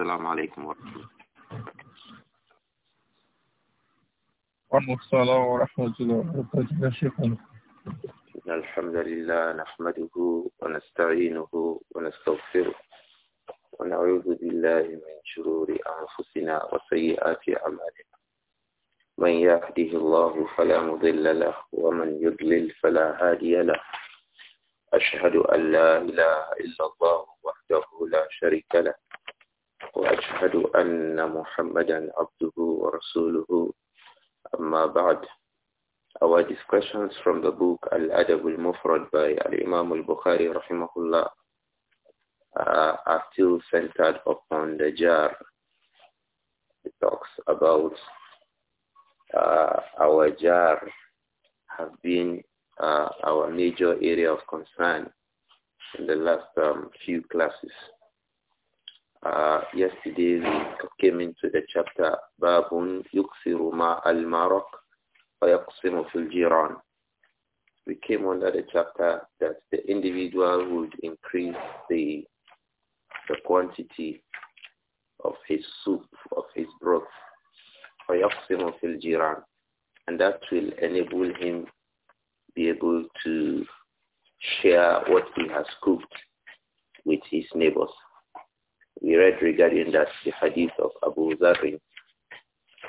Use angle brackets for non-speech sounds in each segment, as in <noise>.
السلام عليكم ورحمة الله وعليكم السلام ورحمة الله وبركاته يا شيخنا الحمد لله نحمده ونستعينه ونستغفره ونعوذ بالله من شرور أنفسنا وسيئات أعمالنا من يهده الله فلا مضل له ومن يضلل فلا هادي له أشهد أن لا إله إلا الله وحده لا شريك له وأشهد أن محمدا عبده ورسوله أما بعد Our discussions from the book Al-Adab al-Mufrad by Al-Imam al-Bukhari rahimahullah uh, are still centered upon the jar. It talks about uh, our jar have been uh, our major area of concern in the last um, few classes. Uh, yesterday we came into the chapter Babun Yuksiru Ma al Marok We came under the chapter that the individual would increase the the quantity of his soup, of his broth, Wayaqsimu fil And that will enable him be able to share what he has cooked with his neighbors. We read regarding that the hadith of Abu Zarri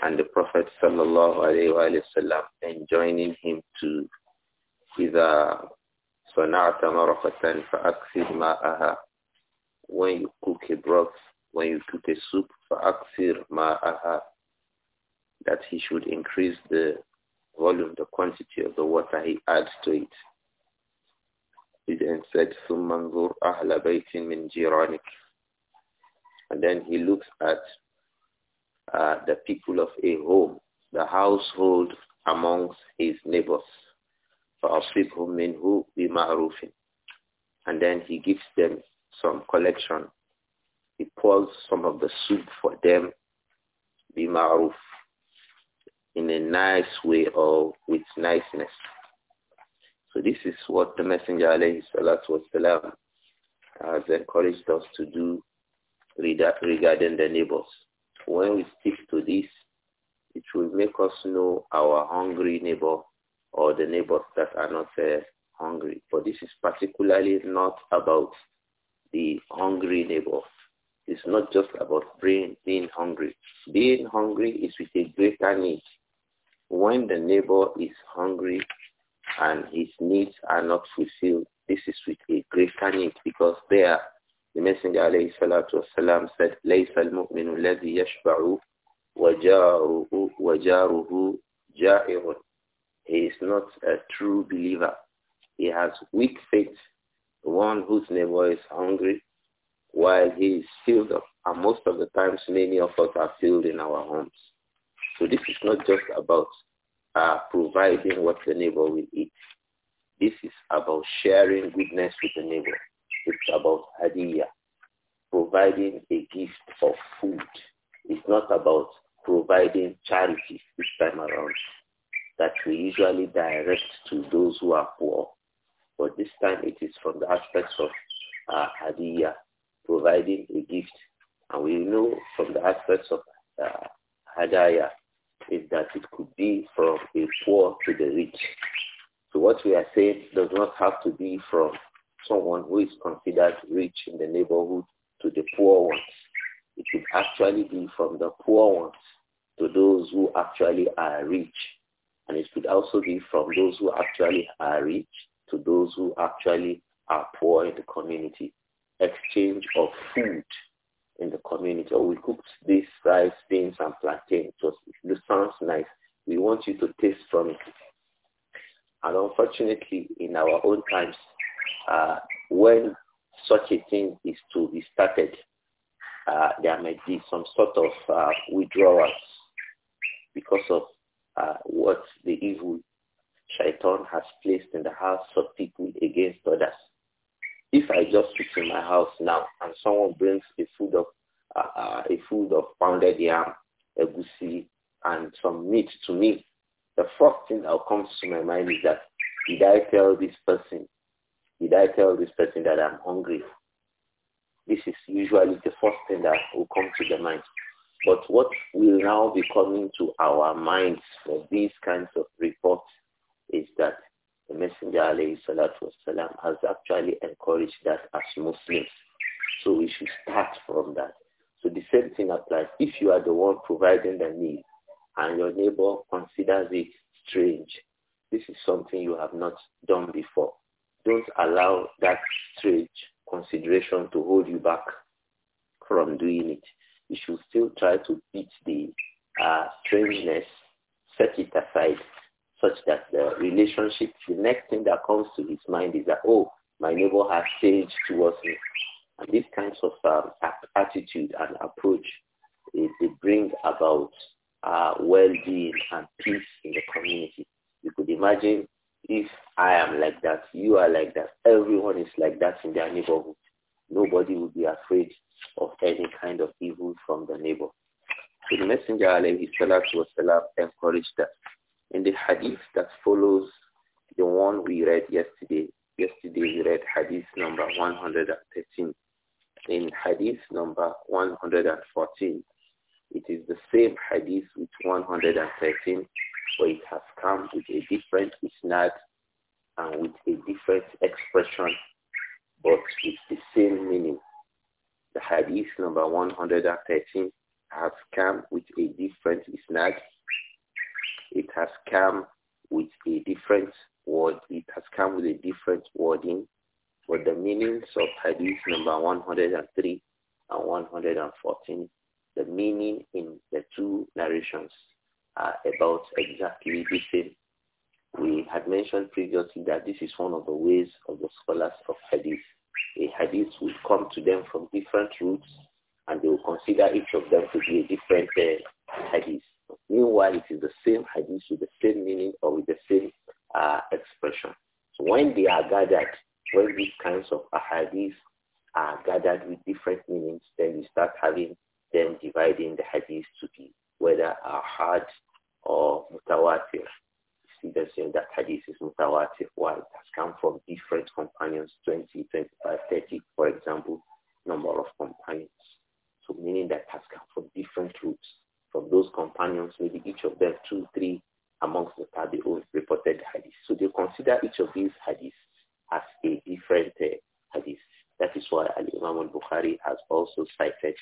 and the Prophet sallallahu alayhi wa enjoining him to إذا صنعت مرقة فأكثر ماءها when you cook a broth, when you cook a soup, فأكثر ماءها that he should increase the volume, the quantity of the water he adds to it. He then said, ثم انظر أهل بيت من جيرانك and then he looks at uh, the people of a home, the household amongst his neighbors. who be marufin. And then he gives them some collection. He pours some of the soup for them maruf, in a nice way or with niceness. So this is what the Messenger alayhi salatu wasalam has encouraged us to do regarding the neighbors. When we stick to this, it will make us know our hungry neighbor or the neighbors that are not uh, hungry. But this is particularly not about the hungry neighbor. It's not just about being, being hungry. Being hungry is with a greater need. When the neighbor is hungry and his needs are not fulfilled, this is with a greater need because there the Messenger alayhi salatu wasalam said, لَيْسَ الْمُؤْمِنُ الَّذِي يَشْبَعُ وَجَارُهُ, وجاره جَائِرٌ He is not a true believer. He has weak faith. The one whose neighbor is hungry while he is filled up. And most of the times many of us are filled in our homes. So this is not just about uh, providing what the neighbor will eat. This is about sharing goodness with the neighbor it's about hadiyah, providing a gift of food. It's not about providing charity this time around that we usually direct to those who are poor. But this time it is from the aspects of uh, hadiyah, providing a gift. And we know from the aspects of uh, is that it could be from a poor to the rich. So what we are saying does not have to be from someone who is considered rich in the neighborhood to the poor ones. It should actually be from the poor ones to those who actually are rich. And it could also be from those who actually are rich to those who actually are poor in the community. Exchange of food in the community. Or oh, we cooked this rice, beans, and plantain. So it sounds nice. We want you to taste from it. And unfortunately, in our own times, uh, when such a thing is to be started, uh, there may be some sort of uh, withdrawals because of uh, what the evil shaitan has placed in the hearts of people against others. If I just sit in my house now and someone brings a food of uh, uh, a food of pounded yam, egusi, and some meat to me, the first thing that comes to my mind is that did I tell this person did I tell this person that I'm hungry? This is usually the first thing that will come to the mind. But what will now be coming to our minds for these kinds of reports is that the Messenger alayhi has actually encouraged that as Muslims. So we should start from that. So the same thing applies. If you are the one providing the need and your neighbor considers it strange, this is something you have not done before. Don't allow that strange consideration to hold you back from doing it. You should still try to beat the uh, strangeness, set it aside, such that the relationship, the next thing that comes to his mind is that, oh, my neighbor has changed towards me. And these kinds of um, attitude and approach, it, it brings about uh, well-being and peace in the community. You could imagine if I am like that, you are like that, everyone is like that in their neighborhood. Nobody will be afraid of any kind of evil from the neighbor. So the Messenger alayhi salatu wasalam encouraged that. In the hadith that follows the one we read yesterday, yesterday we read hadith number 113. In hadith number 114, it is the same hadith with 113 but it has come with a different isnad and with a different expression, but with the same meaning. The hadith number 113 has come with a different isnad. It has come with a different word. It has come with a different wording. But the meanings of hadith number 103 and 114, the meaning in the two narrations uh, about exactly the same. We had mentioned previously that this is one of the ways of the scholars of hadith. A hadith will come to them from different routes and they will consider each of them to be a different uh, hadith. Meanwhile, it is the same hadith with the same meaning or with the same uh, expression. So when they are gathered, when these kinds of hadiths are gathered with different meanings, then you start having them dividing the hadiths to be whether are hard or mutawatir. You saying that hadith is mutawatir. Why? It has come from different companions, 20, 25, 30, for example, number of companions. So meaning that has come from different groups. From those companions, maybe each of them two, three amongst the tabi'un reported hadith. So they consider each of these hadiths as a different uh, hadith. That is why Al-Imam al-Bukhari has also cited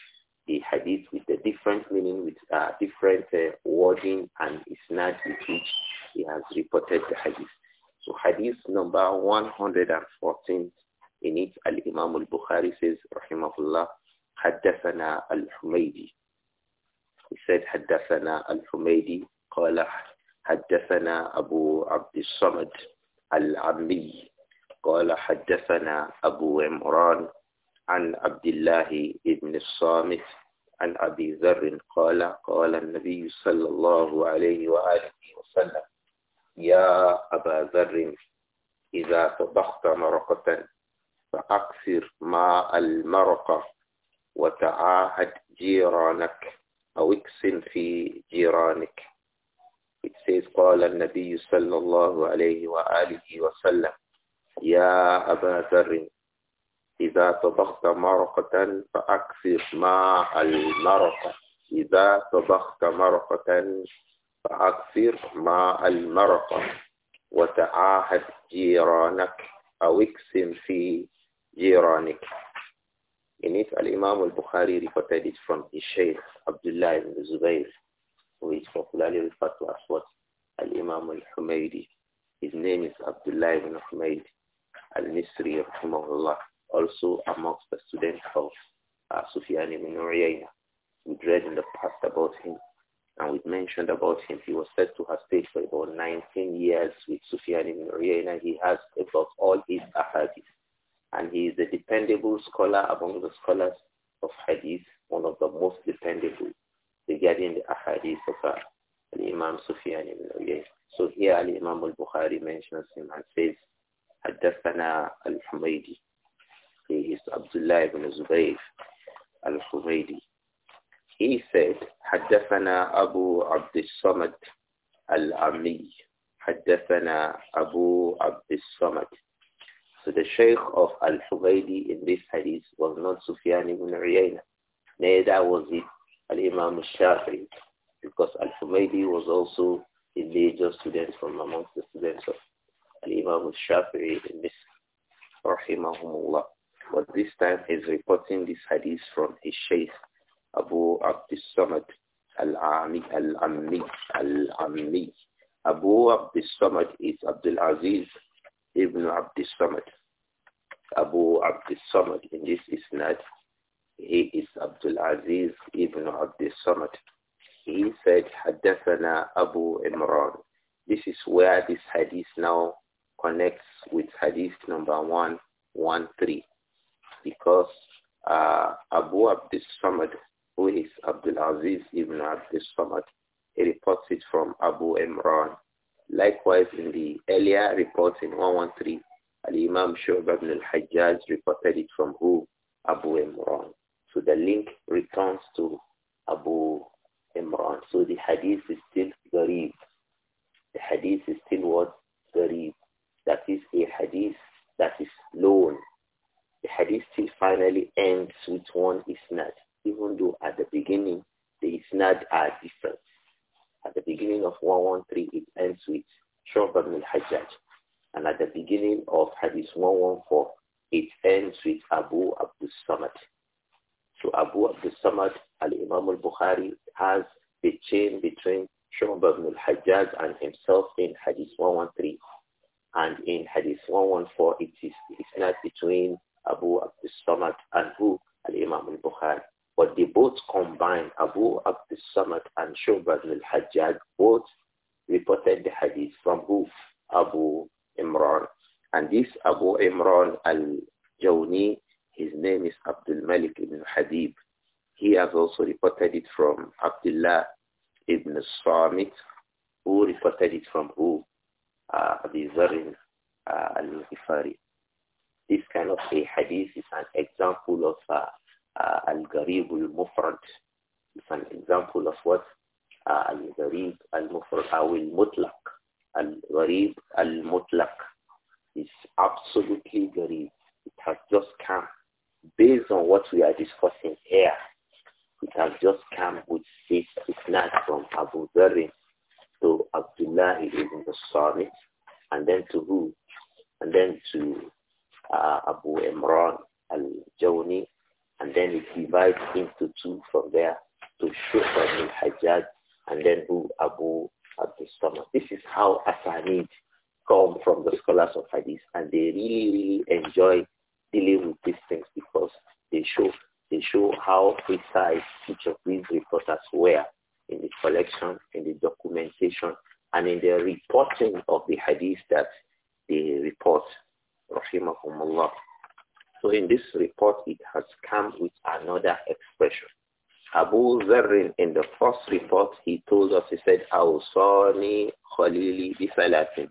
a hadith with a different meaning, with uh, different uh, wording and isnad with which he has reported the hadith. So hadith number 114 in it, Al-Imam al-Bukhari says, Rahimahullah, al الحميدي. He said, al حدثنا الحميدي قال Abu أبو Samad al العمي قال حدثنا Abu Imran." عن عبد الله بن الصامت عن أبي ذر قال قال النبي صلى الله عليه وآله وسلم يا أبا ذر إذا طبخت مرقة فأكثر ماء المرقة وتعاهد جيرانك أو اكسن في جيرانك It says قال النبي صلى الله عليه وآله وسلم يا أبا ذر إذا طبخت مرقة فأكسر ماء المرقة إذا طبخت مرقة فأكسر ماء المرقة وتعاهد جيرانك أو اقسم في جيرانك إن الإمام البخاري رفتاد من الشيخ عبد الله بن الزبير ويسمح لالي الفتوى أصوات الإمام الحميدي His name is Abdullah ibn Ahmed al-Misri رحمه also amongst the students of uh, Sufyan ibn We read in the past about him and we've mentioned about him. He was said to have stayed for about 19 years with Sufyan ibn He has about all his ahadith and he is a dependable scholar among the scholars of hadith, one of the most dependable regarding the ahadith of uh, Imam Sufyan ibn So here Al-Imam al-Bukhari mentions him and says, حدثنا الحميدي he is Abdullah ibn Zubayr al-Humaydi. He said, حدثنا أبو عبد الصمد العمي حدثنا أبو عبد الصمد So the Shaykh of Al-Hubaydi in this hadith was not Sufyan ibn Uyayna. Neither was it Al-Imam al-Shafi'i because Al-Humaydi was also a major student from amongst the students of Al-Imam al-Shafi'i in this الله but this time he's reporting this hadith from his sheikh, Abu Abdus Samad Al-Ami, Al-Ammi, al Abu Abdus Samad is Abdul Aziz ibn Abdus Samad. Abu Abdus Samad in this not. he is Abdul Aziz ibn Abdus Samad. He said, Haddathana Abu Imran. This is where this hadith now connects with hadith number 113 because uh, Abu Abdus Samad, who is Abdul Aziz ibn Abdus Samad, he reports it from Abu Imran. Likewise, in the earlier report in 113, Al-Imam Shu'b ibn al-Hajjaj reported it from who? Abu Imran. So the link returns to Abu Imran. So the hadith is still Gharib. The hadith is still what? Gharib. That is a hadith that is known the hadith still finally ends with one isnad, even though at the beginning the isnad are different. At the beginning of 113, it ends with Shurb ibn al-Hajjaj. And at the beginning of Hadith 114, it ends with Abu Abdul Samad. So Abu Abdul Samad, al-Imam al-Bukhari, has the chain between Shurb ibn al-Hajjaj and himself in Hadith 113. And in Hadith 114, it is, it's not between Abu Abdus Samad and who? Al-Imam al-Bukhari. But they both combined, Abu Abdus Samad and Shubad al-Hajjaj both reported the hadith from who? Abu Imran. And this Abu Imran al-Jawni, his name is Abdul Malik ibn Hadib. He has also reported it from Abdullah ibn Samit, who reported it from who? Uh, Abi Zarin uh, al-Ghifari. This kind of a hadith is an example of uh, uh, al-gharib al-mufrad. It's an example of what uh, al-gharib al-mufrad al-mutlaq. Al-gharib al-mutlaq is absolutely gharib. It has just come based on what we are discussing here. It has just come with this isnad from Abu Dhabi to Abdullah ibn Sariq and then to who? And then to uh, Abu Imran al-Jawni, and then it divides into two from there to Shuhra al-Hajjaj, and then who Abu Abdul Samad. This is how Asanid come from the scholars of Hadith, and they really, really enjoy dealing with these things because they show they show how precise each of these reporters were in the collection, in the documentation, and in the reporting of the hadith that they report rahimahumullah. So in this report, it has come with another expression. Abu Zarrin, in the first report, he told us, he said, Awsani Khalili bisalatin.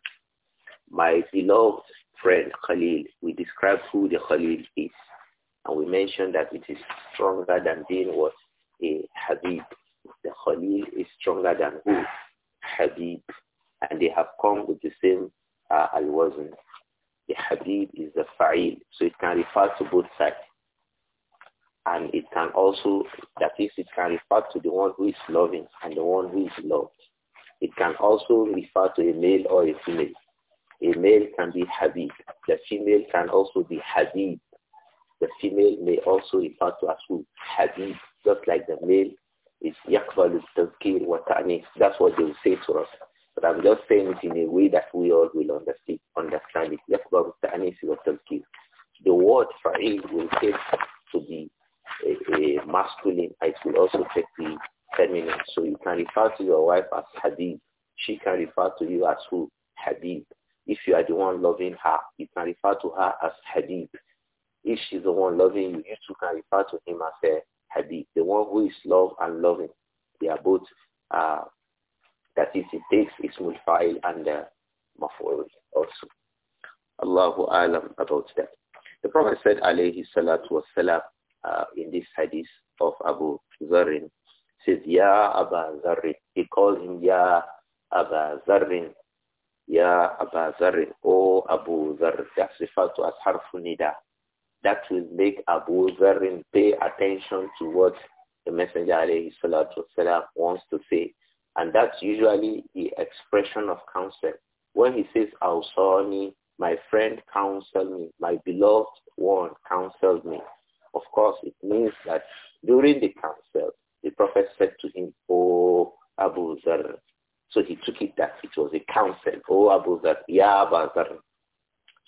My beloved friend Khalil, we described who the Khalil is. And we mentioned that it is stronger than being what? A Habib. The Khalil is stronger than who? Habib. And they have come with the same uh, al-wazn. The Habib is the fa'il, so it can refer to both sides. And it can also, that is, it can refer to the one who is loving and the one who is loved. It can also refer to a male or a female. A male can be Habib. The female can also be Habib. The female may also refer to as who? Habib, just like the male is Yakbalu Tazkir wa That's what they will say to us. But I'm just saying it in a way that we all will understand, understand it. The word fa'il will take to be a, a masculine. It will also take the feminine. So you can refer to your wife as Hadib. She can refer to you as who? Hadid. If you are the one loving her, you can refer to her as Hadib. If she's the one loving you, you too can refer to him as a The one who is loved and loving. They are both uh, that is, it takes is Fa'il and uh, Maf'ul also. Allahu Alam about that. The Prophet said, alayhi salatu wassalam, uh, in this hadith of Abu Zarin says, Ya Aba Zarin." He called him Ya Aba Zarin," Ya Aba Zarin," Oh Abu Zarin." That's referred to as Harfunida. That will make Abu Zarin pay attention to what the Messenger alayhi salatu wasalam wants to say. And that's usually the expression of counsel. When he says, me, my friend counsel me, my beloved one counsel me. Of course, it means that during the counsel, the prophet said to him, O oh, Abu Zar. So he took it that it was a counsel, O oh, Abu Zar, Ya Abu Zar.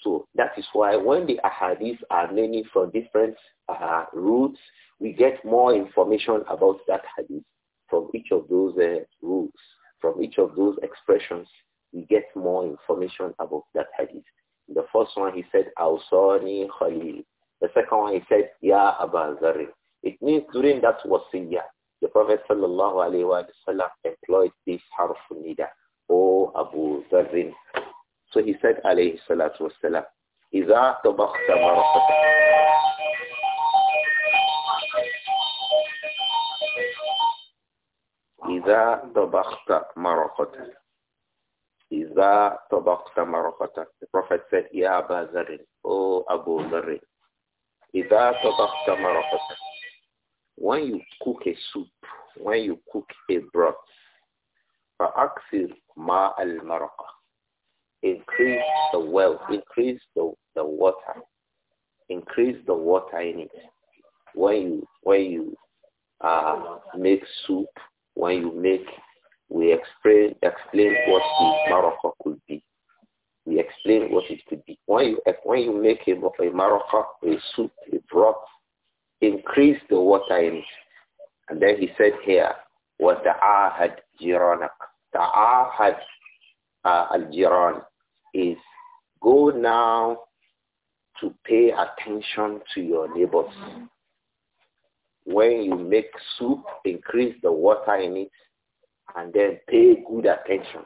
So that is why when the ahadith are many from different uh, routes, we get more information about that hadith from each of those uh, rules, from each of those expressions, we get more information about that hadith. In the first one, he said, Awsani Khalil. The second one, he said, Ya Aba Zari. It means during that wasiyah, the Prophet sallallahu alayhi wa sallam employed this harf nida, O Abu Zarrin. So he said, alayhi salatu wasalam, إِذَا طَبَخْتَ مَرْفَةً إذا طبخت مرقة إذا طبخت مرقة The Prophet said, "Ya abu ذر Oh Abu Dharr إذا طبخت مرقة When you cook a soup, when you cook a broth, ma al المرقة Increase the well, increase the, the water, increase the water in it. When you, when you uh, make soup, when you make, we explain, explain what the maraka could be. We explain what it could be. When you, when you make a, a maraqa, a soup, a broth, increase the water in it. And then he said here, Jiranak. The Ta'ahad uh, al-jiran is go now to pay attention to your neighbors. Mm -hmm. When you make soup, increase the water in it and then pay good attention.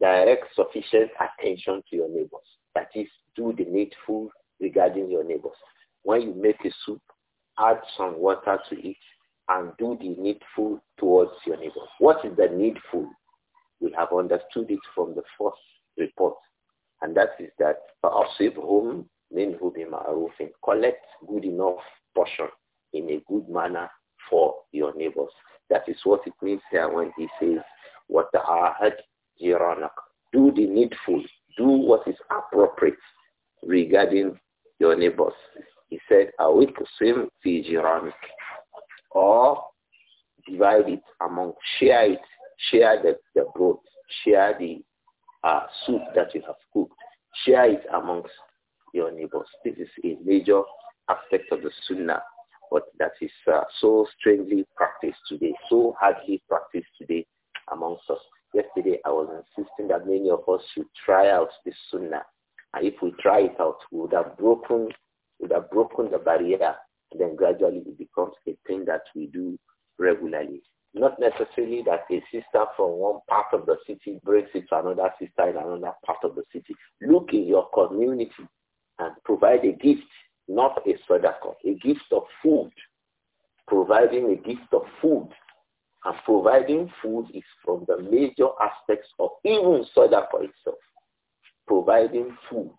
Direct sufficient attention to your neighbors. That is, do the needful regarding your neighbors. When you make a soup, add some water to it and do the needful towards your neighbors. What is the needful? We have understood it from the first report. And that is that فَأَصِبْهُمْ مِنْهُ بِمَعْرُوفٍ Collect good enough portion in a good manner for your neighbors. That is what it means here when he says, "What وَتَعَاهَدْ جِيرَانَكَ Do the needful. Do what is appropriate regarding your neighbors. He said, أَوِكْسِمْ فِي جِيرَانِكَ Or divide it among, share it, share the, the broth, share the uh, soup that you have cooked, share it amongst your neighbors. This is a major aspect of the sunnah but that is uh, so strangely practiced today, so hardly practiced today amongst us. Yesterday, I was insisting that many of us should try out the sunnah. And if we try it out, we would have broken, would have broken the barrier. Then gradually it becomes a thing that we do regularly. Not necessarily that a sister from one part of the city breaks it to another sister in another part of the city. Look in your community and provide a gift not a sadaqah, a gift of food. Providing a gift of food and providing food is from the major aspects of even sadaqah itself. Providing food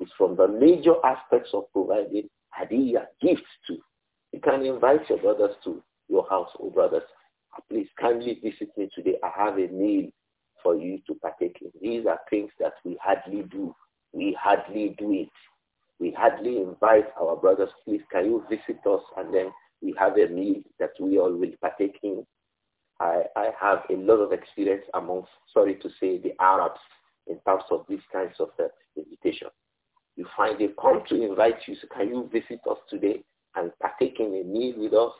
is from the major aspects of providing hadiyah, gifts too. You can invite your brothers to your house, oh brothers. Please kindly visit me today. I have a meal for you to partake in. These are things that we hardly do. We hardly do it. We hardly invite our brothers, please can you visit us and then we have a meal that we all will partake in. I, I have a lot of experience amongst, sorry to say, the Arabs in terms of these kinds of uh, invitation. You find they come to invite you, so can you visit us today and partake in a meal with us?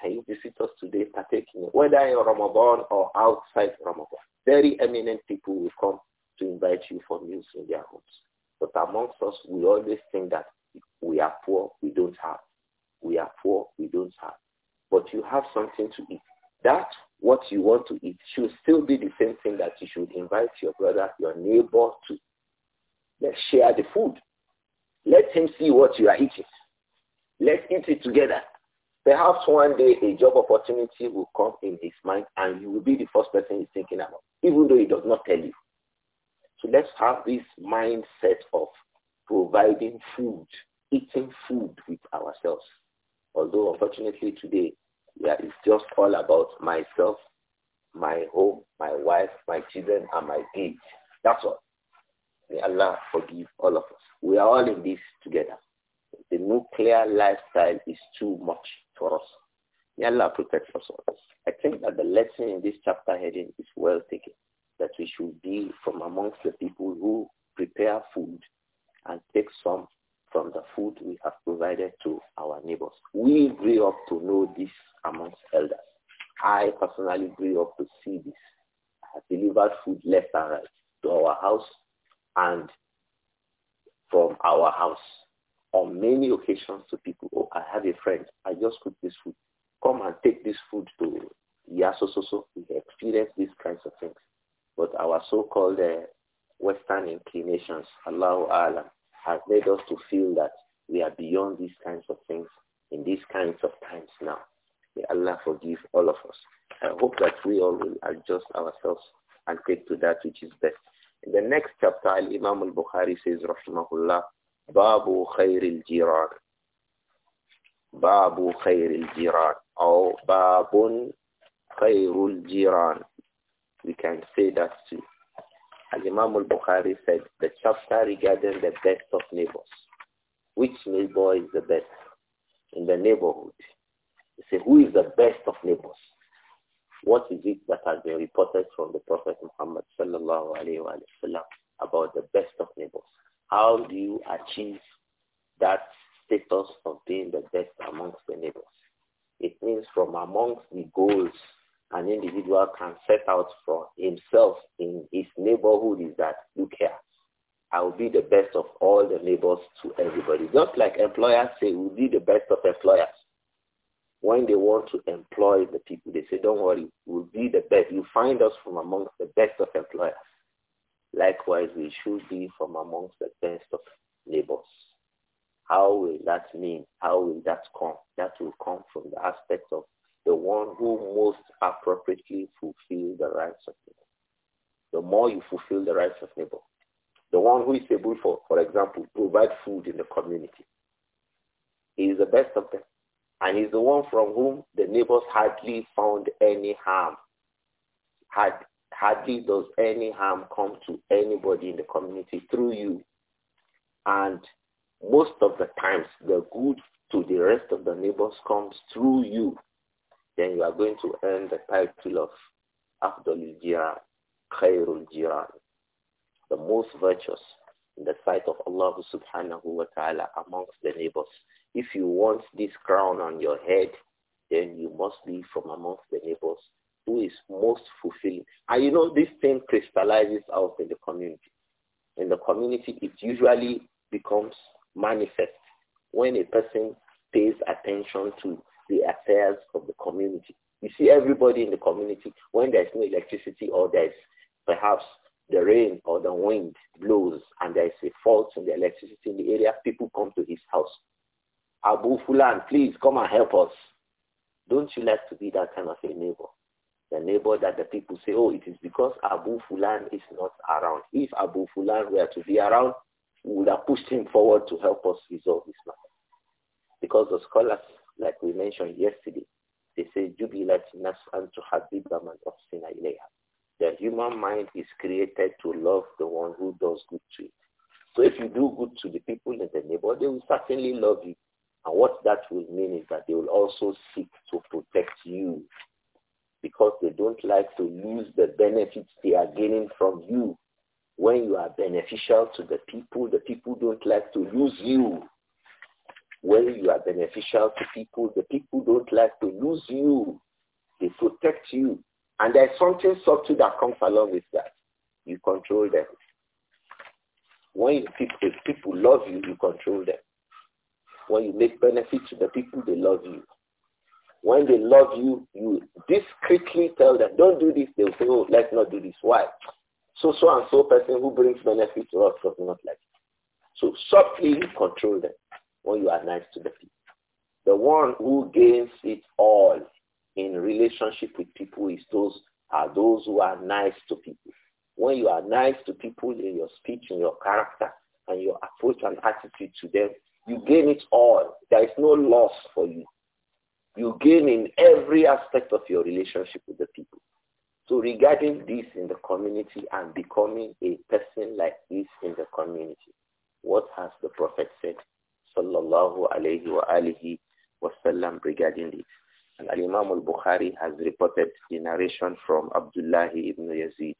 Can you visit us today, partake in whether in Ramadan or outside Ramadan? Very eminent people will come to invite you for meals in their homes. But amongst us, we always think that we are poor, we don't have. We are poor, we don't have. But you have something to eat. That what you want to eat should still be the same thing that you should invite your brother, your neighbor to. Let's share the food. Let him see what you are eating. Let's eat it together. Perhaps one day a job opportunity will come in his mind and you will be the first person he's thinking about, even though he does not tell you. So let's have this mindset of providing food, eating food with ourselves. Although unfortunately today, yeah, it's just all about myself, my home, my wife, my children, and my kids. That's all. May Allah forgive all of us. We are all in this together. The nuclear lifestyle is too much for us. May Allah protect us all. I think that the lesson in this chapter heading is well taken amongst the people who prepare food and take some from the food we have provided to our neighbors. We grew up to know this amongst elders. I personally grew up to see this. I have delivered food left and right to our house and from our house on many occasions to Wallahu Alam, has made us to feel that we are beyond these kinds of things in these kinds of times now. May Allah forgive all of us. I hope that we all will adjust ourselves and take to that which is best. In the next chapter, Imam al-Bukhari says, Rahimahullah, Babu Khairil Jiran. Babu Khairil Jiran. Or Babun Khairul Jiran. We can say that too. Al-Imam al-Bukhari says, chapter regarding the best of neighbors. Which neighbor is the best in the neighborhood? You say, who is the best of neighbors? What is it that has been reported from the Prophet Muhammad sallallahu alayhi wa sallam about the best of neighbors? How do you achieve that status of being the best amongst the neighbors? It means from amongst the goals an individual can set out for himself in his neighborhood is that I will be the best of all the neighbors to everybody. Just like employers say, we'll be the best of employers. When they want to employ the people, they say, don't worry, we'll be the best. You find us from amongst the best of employers. Likewise, we should be from amongst the best of neighbors. How will that mean? How will that come? That will come from the aspect of the one who most appropriately fulfills the rights of neighbor. The more you fulfill the rights of neighbor, the one who is able for, for example, provide food in the community. He is the best of them. And he's the one from whom the neighbors hardly found any harm. Had, hardly does any harm come to anybody in the community through you. And most of the times, the good to the rest of the neighbors comes through you. Then you are going to earn the title of Afdolul Jiran, Khairul Jiran, the most virtuous in the sight of Allah subhanahu wa ta'ala amongst the neighbors. If you want this crown on your head, then you must be from amongst the neighbors who is most fulfilling. And you know, this thing crystallizes out in the community. In the community, it usually becomes manifest when a person pays attention to the affairs of the community. You see everybody in the community, when there's no electricity or there's perhaps the rain or the wind blows and there is a fault in the electricity in the area, people come to his house. Abu Fulan, please come and help us. Don't you like to be that kind of a neighbor? The neighbor that the people say, oh, it is because Abu Fulan is not around. If Abu Fulan were to be around, we would have pushed him forward to help us resolve this matter. Because the scholars, like we mentioned yesterday, they say, Jubilat nas an tuhabibba man tuhsina ilayha the human mind is created to love the one who does good to it. So if you do good to the people in the neighborhood, they will certainly love you. And what that will mean is that they will also seek to protect you because they don't like to lose the benefits they are gaining from you. When you are beneficial to the people, the people don't like to lose you. When you are beneficial to people, the people don't like to lose you. They protect you. And there's something subtle that comes along with that. You control them. When people, people love you, you control them. When you make benefit to the people, they love you. When they love you, you discreetly tell them, don't do this. They'll say, oh, let's not do this. Why? So, so and so person who brings benefit to us does not like it. So subtly you control them when you are nice to the people. The one who gains it all in relationship with people is those are those who are nice to people. When you are nice to people in your speech, in your character, and your approach and attitude to them, you gain it all. There is no loss for you. You gain in every aspect of your relationship with the people. So regarding this in the community and becoming a person like this in the community, what has the Prophet said, sallallahu alayhi wa alihi wasallam, regarding this? And Al-Imam al-Bukhari has reported the narration from Abdullah ibn Yazid.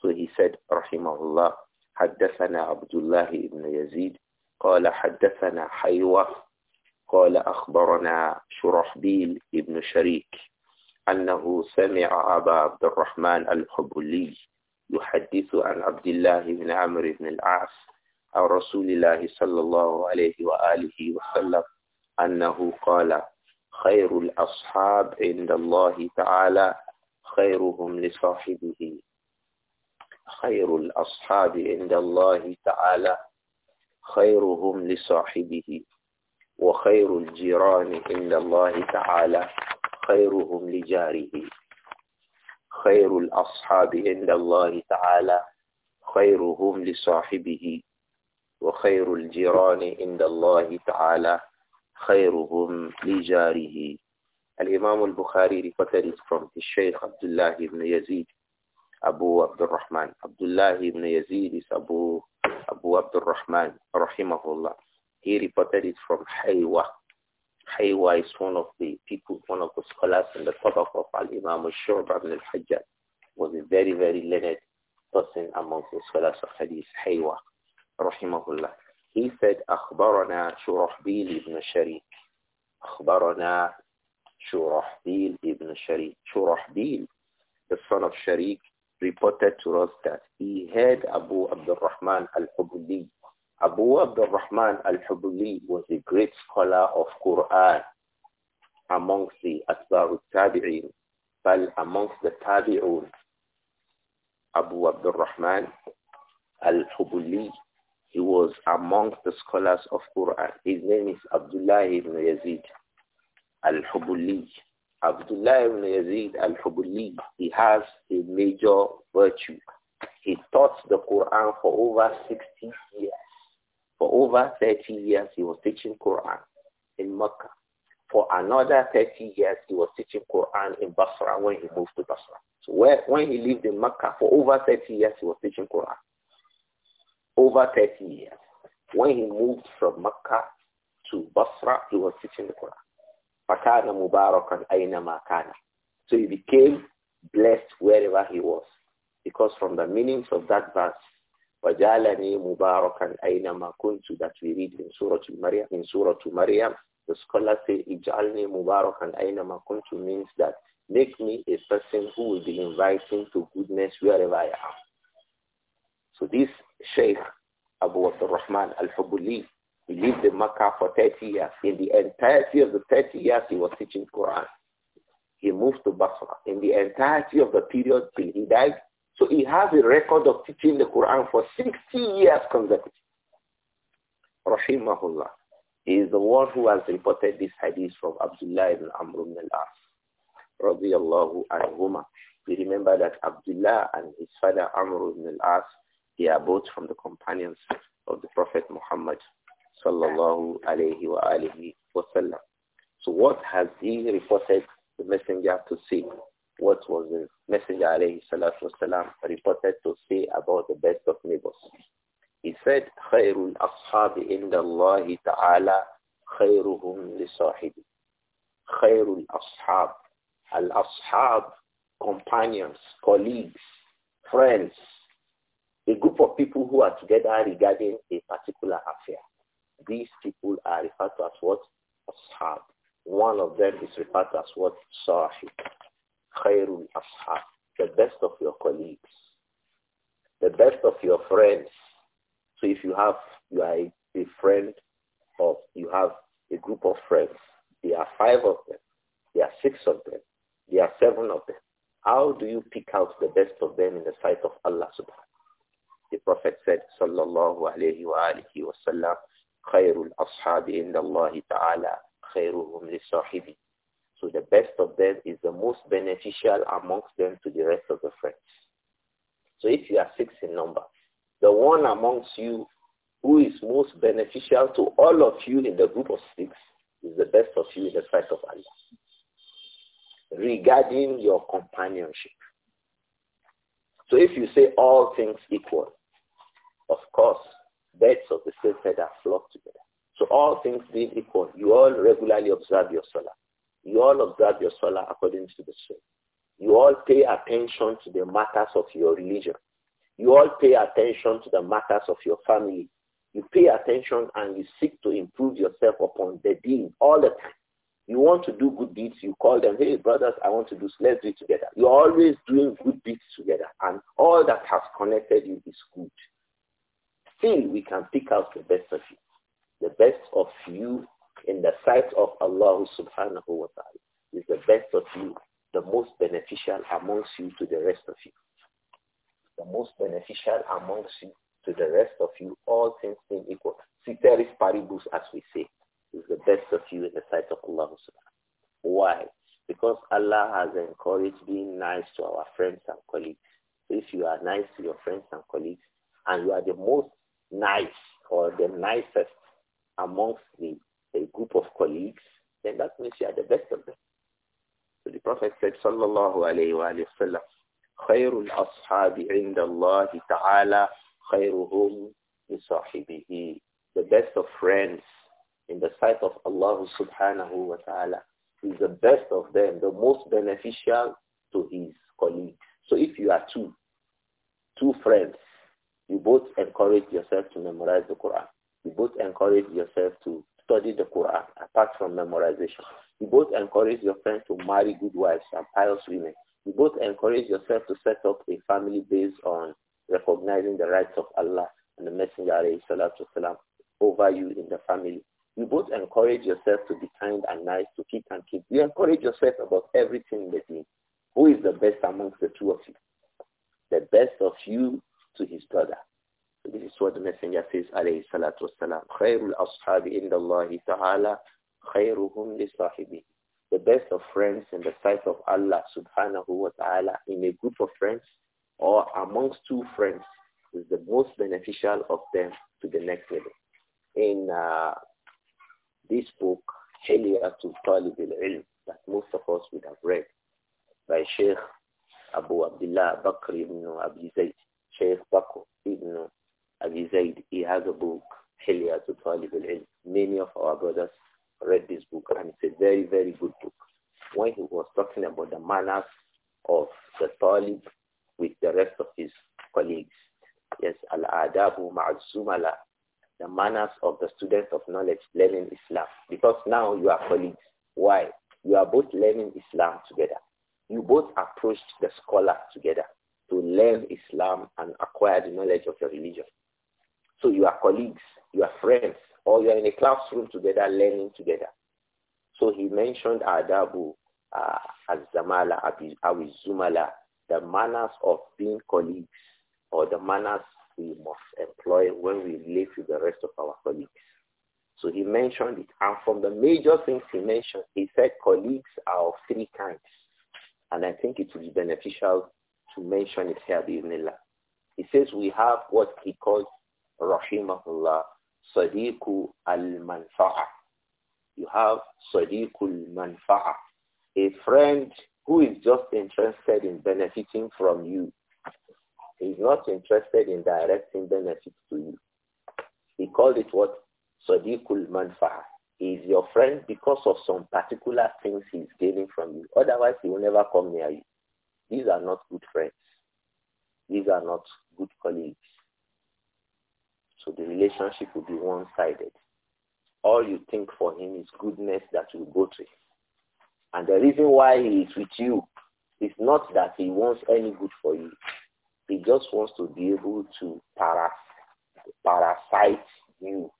So he said, Rahimahullah, حدثنا عبد الله بن يزيد قال حدثنا حيوة قال أخبرنا شرحبيل بن شريك أنه سمع أبا عبد الرحمن الحبلي يحدث عن عبد الله بن عمرو بن العاص عن رسول الله صلى الله عليه وآله وسلم أنه قال خير الأصحاب عند الله تعالى خيرهم لصاحبه خير الأصحاب عند الله تعالى خيرهم لصاحبه وخير الجيران عند الله تعالى خيرهم لجاره خير الأصحاب عند الله تعالى خيرهم لصاحبه وخير الجيران عند الله تعالى خيرهم لجاره الإمام البخاري reported from his Shaykh Abdullah ibn Yazid Abu Abdurrahman Abdullah ibn Yazid is Abu Abu رحمه الله. he reported it from Haywa Haywa is one of the people one of the scholars in the tabaq of Al-Imam al-Shu'b al-Hajjaj was a very very learned person amongst the scholars of hadith Haywa الله. He said, أخبرنا Shurahbil ibn شريك أخبرنا Shurahbil ibn شريك Shurahbil, the son of Sharik reported to us that he heard Abu Rahman al-Hubuli. Abu Rahman al-Hubuli was a great scholar of Quran amongst the Asbarut Tabi'in, but amongst the Tabi'un. Abu Rahman al-Hubuli he was among the scholars of Quran. His name is Abdullah ibn Yazid al-Hubuli. Abdullah ibn Yazid al-Hubuli, he has a major virtue. He taught the Quran for over 60 years. For over 30 years, he was teaching Quran in Mecca. For another 30 years, he was teaching Quran in Basra when he moved to Basra. So where, when he lived in Mecca, for over 30 years, he was teaching Quran over 30 years. When he moved from Mecca to Basra, he was teaching the Quran. Fakana Mubarakan Aynama Kana. So he became blessed wherever he was. Because from the meanings of that verse, وَجَعَلَنِي مُبَارَكًا أَيْنَمَا كُنْتُ that we read in Surah to Maryam, in Surah to Maryam, the scholars say, إِجْعَلْنِي مُبَارَكًا أَيْنَمَا كُنْتُ means that make me a person who will be inviting to goodness wherever I am. So this Sheikh Abu Rahman al-Fabuli. He lived in Makkah for 30 years. In the entirety of the 30 years, he was teaching Quran. He moved to Basra. In the entirety of the period till he died, so he has a record of teaching the Quran for 60 years consecutively. Rahimahullah. He is the one who has reported this hadith from Abdullah ibn Amr ibn al-As. Radiallahu anhuma. We remember that Abdullah and his father Amr ibn al-As they are both from the companions of the Prophet Muhammad sallallahu alayhi wa alihi wasallam. So what has he reported the messenger to say? What was the messenger alayhi salatu wasallam, reported to say about the best of neighbors? He said, خير الأصحاب عند الله تعالى خيرهم لصاحبه. خير الأصحاب. الأصحاب, companions, colleagues, friends, a group of people who are together regarding a particular affair. These people are referred to as what? Ashab. One of them is referred to as what? Sahib. Khairul Ashab. The best of your colleagues. The best of your friends. So if you have, you are a, friend of, you have a group of friends. There are five of them. There are six of them. There are seven of them. How do you pick out the best of them in the sight of Allah subhanahu the Prophet said, sallallahu alayhi wa alihi wa sallam, خَيْرُ الْأَصْحَابِ إِنَّ So the best of them is the most beneficial amongst them to the rest of the friends. So if you are six in number, the one amongst you who is most beneficial to all of you in the group of six is the best of you in the sight of Allah. Regarding your companionship, so if you say all things equal, of course, birds of the same feather flock together. So all things being equal, you all regularly observe your salah. You all observe your salah according to the sun. You all pay attention to the matters of your religion. You all pay attention to the matters of your family. You pay attention and you seek to improve yourself upon the deen all the time. You want to do good deeds, you call them, hey brothers, I want to do this, let's do it together. You're always doing good deeds together and all that has connected you is good. Still, we can pick out the best of you, the best of you in the sight of Allah subhanahu wa ta'ala is the best of you, the most beneficial amongst you to the rest of you. The most beneficial amongst you to the rest of you, all things being equal. Ceteris paribus, as we say is the best of you in the sight of Allah. Why? Because Allah has encouraged being nice to our friends and colleagues. If you are nice to your friends and colleagues, and you are the most nice or the nicest amongst the, the group of colleagues, then that means you are the best of them. So the Prophet said, Sallallahu alayhi wa sallam, خير الأصحاب عند الله تعالى خيرهم لصاحبه. The best of friends in the sight of Allah subhanahu wa ta'ala he's the best of them, the most beneficial to his colleagues. So if you are two, two friends, you both encourage yourself to memorize the Quran. You both encourage yourself to study the Quran apart from memorization. You both encourage your friends to marry good wives and pious women. You both encourage yourself to set up a family based on recognizing the rights of Allah and the Messenger والسلام, over you in the family. You both encourage yourself to be kind and nice to kids and kids. You encourage yourself about everything in the Who is the best amongst the two of you? The best of you to his brother. this is what the messenger says, alayhi salatu wasalam. Khairul ashabi indallahi ta'ala khairuhum li The best of friends in the sight of Allah subhanahu wa ta'ala in a group of friends or amongst two friends is the most beneficial of them to the next level. In uh, this book, Hiliyatul Talib al-Ilm, that most of us would have read by Sheikh Abu Abdullah Bakr ibn Abi Zayd, Sheikh Bakr ibn Abi Zayd, he has a book, Hiliyatul Talib al-Ilm. Many of our brothers read this book and it's a very, very good book. When he was talking about the manners of the Talib with the rest of his colleagues, yes, al-adabu ma'azumala the manners of the students of knowledge learning Islam. Because now you are colleagues. Why? You are both learning Islam together. You both approached the scholar together to learn Islam and acquire the knowledge of your religion. So you are colleagues, you are friends, or you are in a classroom together learning together. So he mentioned Adabu uh, Azamala, Awizumala, the manners of being colleagues or the manners we must employ when we relate to the rest of our colleagues. So he mentioned it. And from the major things he mentioned, he said colleagues are of three kinds. And I think it would be beneficial to mention it here, Bismillah. He says we have what he calls Rahimahullah, Sadiqu al-Manfa'a. You have Sadiqu al-Manfa'a, a friend who is just interested in benefiting from you. He's not interested in directing benefits to you. He called it what? Sadiqul Manfa'a. He is your friend because of some particular things he's gaining from you. Otherwise, he will never come near you. These are not good friends. These are not good colleagues. So the relationship will be one-sided. All you think for him is goodness that you go to him. And the reason why he is with you is not that he wants any good for you. He just wants to be able to paras parasite you.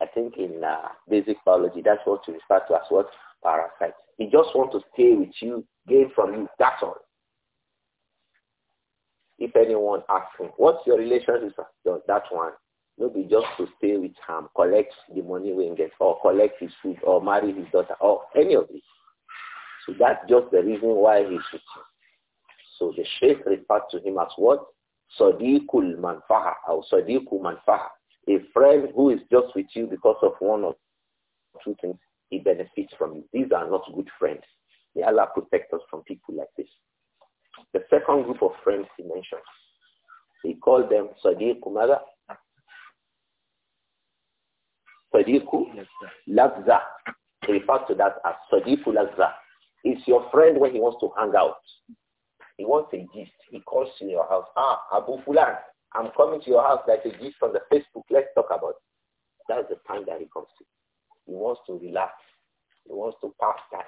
I think in uh, basic biology, that's what you refer to as what parasite. He just wants to stay with you, gain from you. That's all. If anyone asks him, what's your relationship with that one? Maybe just to stay with him, collect the money we get, or collect his food, or marry his daughter, or any of this. So that's just the reason why he's with you. So the Sheikh referred to him as what? Sadiqul Manfaha or Sadiqul Manfaha. A friend who is just with you because of one or two things he benefits from These are not good friends. May Allah protect us from people like this. The second group of friends he mentions, he called them Sadiqul Mada, Sadiqul Lazza. He refers to that as Sadiqul Lazza. It's your friend when he wants to hang out. He wants a gift. He calls to your house. Ah, Abu Fulan, I'm coming to your house. That's a gift from the Facebook. Let's talk about it. That's the time that he comes to. He wants to relax. He wants to pass time.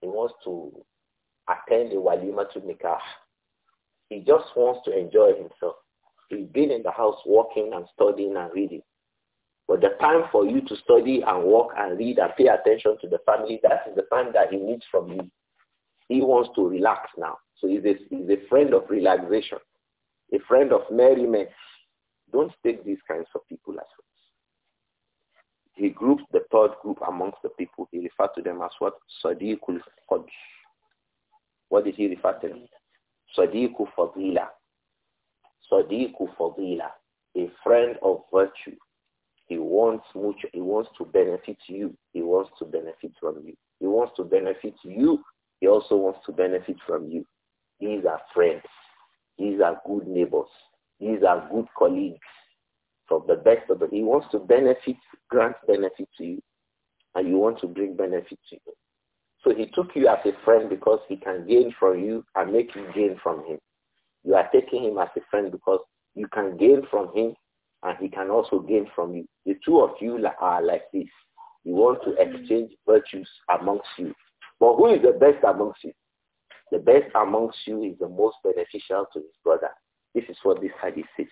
He wants to attend the walima to nikah. He just wants to enjoy himself. He's been in the house working and studying and reading. But the time for you to study and work and read and pay attention to the family, that is the time that he needs from you. He wants to relax now. So he's a, he's a friend of relaxation, a friend of merriment. Don't take these kinds of people as friends. He groups the third group amongst the people. He referred to them as what? Sadiqul Qadr. What did he refer to them? Sadiqu Fadila. Sadiqu Fadila. A friend of virtue. He wants much. He wants to benefit you. He wants to benefit from you. He wants to benefit you. He also wants to benefit from you. These are friends. These are good neighbors. These are good colleagues. From the best of the, he wants to benefit, grant benefit to you, and you want to bring benefit to you. So he took you as a friend because he can gain from you and make you gain from him. You are taking him as a friend because you can gain from him and he can also gain from you. The two of you are like this. You want to mm-hmm. exchange virtues amongst you. But who is the best amongst you? The best amongst you is the most beneficial to his brother. This is what this hadith says.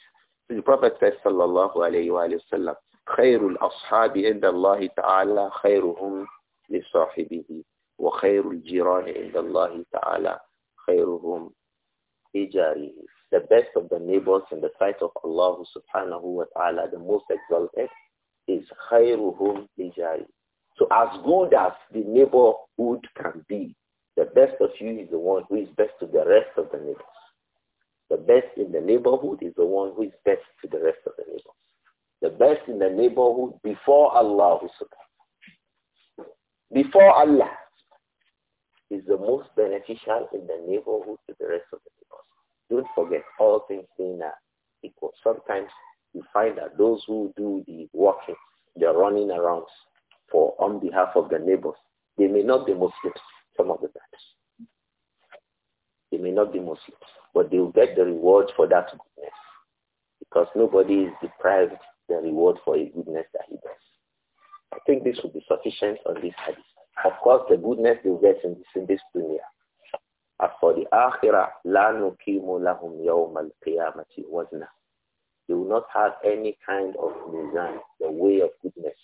So the Prophet says, sallallahu alayhi wa sallam, خير الأصحاب عند الله تعالى خيرهم لصاحبه وخير الجيران عند الله تعالى خيرهم لجاره. The best of the neighbors in the sight of Allah subhanahu wa ta'ala, the most exalted, is خيرهم لجاره. So as good as the neighborhood can be, the best of you is the one who is best to the rest of the neighbors. The best in the neighborhood is the one who is best to the rest of the neighbors. The best in the neighborhood before Allah Before Allah is the most beneficial in the neighborhood to the rest of the neighbors. Don't forget all things being equal. Sometimes you find that those who do the walking, are running around for on behalf of the neighbors, they may not be Muslims some of the times. They may not be Muslims, but they will get the reward for that goodness because nobody is deprived the reward for a goodness that he does. I think this would be sufficient on this hadith. Of course, the goodness they will get in this, in this dunya. As for the akhirah, لا nukimu لهم يوم القيامة وزنا. They will not have any kind of mizan, the way of goodness,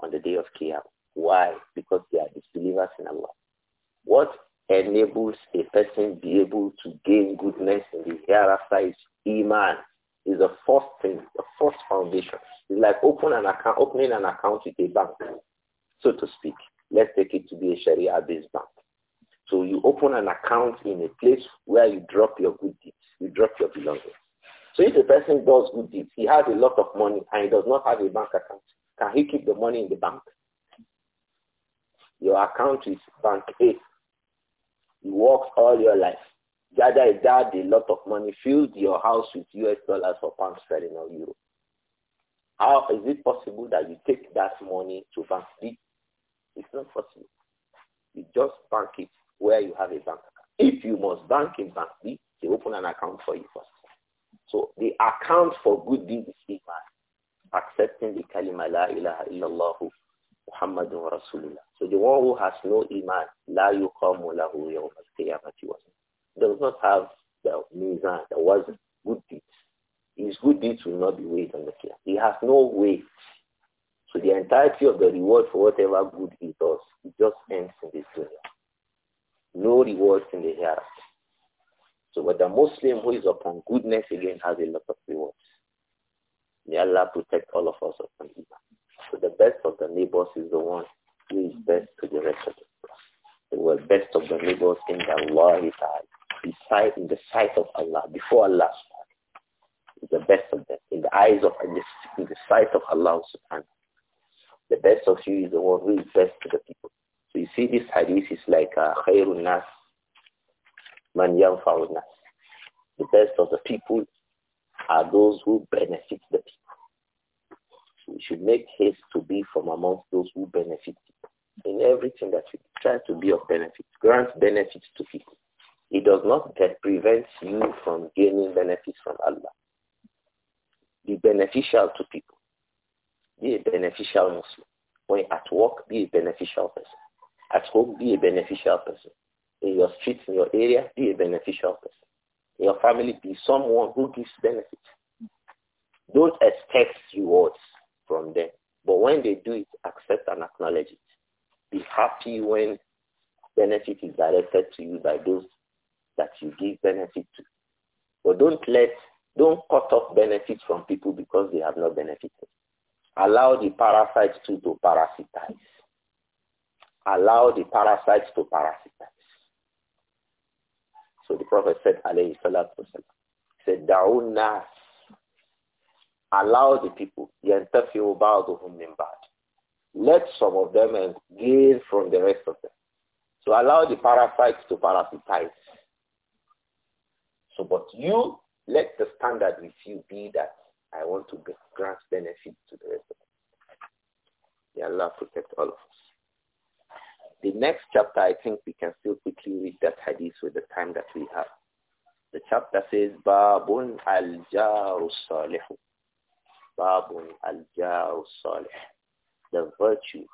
on the day of Qiyam. Why? Because they are disbelievers in Allah. What enables a person be able to gain goodness in the hereafter is Iman. Is the first thing, the first foundation. It's like open an account, opening an account with a bank, so to speak. Let's take it to be a Sharia-based bank. So you open an account in a place where you drop your good deeds, you drop your belongings. So if a person does good deeds, he has a lot of money and he does not have a bank account, can he keep the money in the bank? Your account is bank A, you worked all your life. Gather a dad a lot of money, filled your house with US dollars or pound sterling or euro. How is it possible that you take that money to bank It's not possible. You just bank it where you have a bank account. If you must bank in bank B, they open an account for you first. So the account for good deeds is Accepting the kalima la ilaha illallah Muhammadun Rasulullah. So the one who has no iman, la yuqamu lahu yawm al-qiyamati Does not have the mizan, the wazn, good deeds. His good deeds will not be weighed on the qiyam. He has no weight. So the entirety of the reward for whatever good he does, it just ends in this dunya. No reward in the hereafter. So but the Muslim who is upon goodness again has a lot of rewards. May Allah protect all of us upon iman to the best of the neighbors is the one who is best to the rest of the The world, best of the neighbors in the Allah beside in the sight of Allah, before Allah is the best of them, in the eyes of in the, in the sight of Allah subhanahu. The best of you is the one who is best to the people. So you see this hadith is like uh, khairun nas man yanfa'un nas. The best of the people are those who benefit the people we should make haste to be from amongst those who benefit people. In everything that we try to be of benefit, grant benefits to people. It does not prevent you from gaining benefits from Allah. Be beneficial to people. Be a beneficial Muslim. When at work, be a beneficial person. At home, be a beneficial person. In your streets, in your area, be a beneficial person. In your family, be someone who gives benefit. Don't expect rewards from them. But when they do it, accept and acknowledge it. Be happy when benefit is directed to you by those that you give benefit to. But don't let, don't cut off benefits from people because they have not benefited. Allow the parasites to to parasitize. Allow the parasites to parasitize. So the Prophet said, alayhi salatu wasalam, said, Da'un nas allow the people, the بَعْضُهُمْ مِنْ بَعْدٍ Let some of them gain from the rest of them. So allow the parasites to parasitize. So, but you, let the standard with you be that I want to grant benefit to the rest of them. May Allah protect all of us. The next chapter, I think we can still quickly read that hadith with the time that we have. The chapter says, Babun al-Jaru Salihu al Salih, the virtue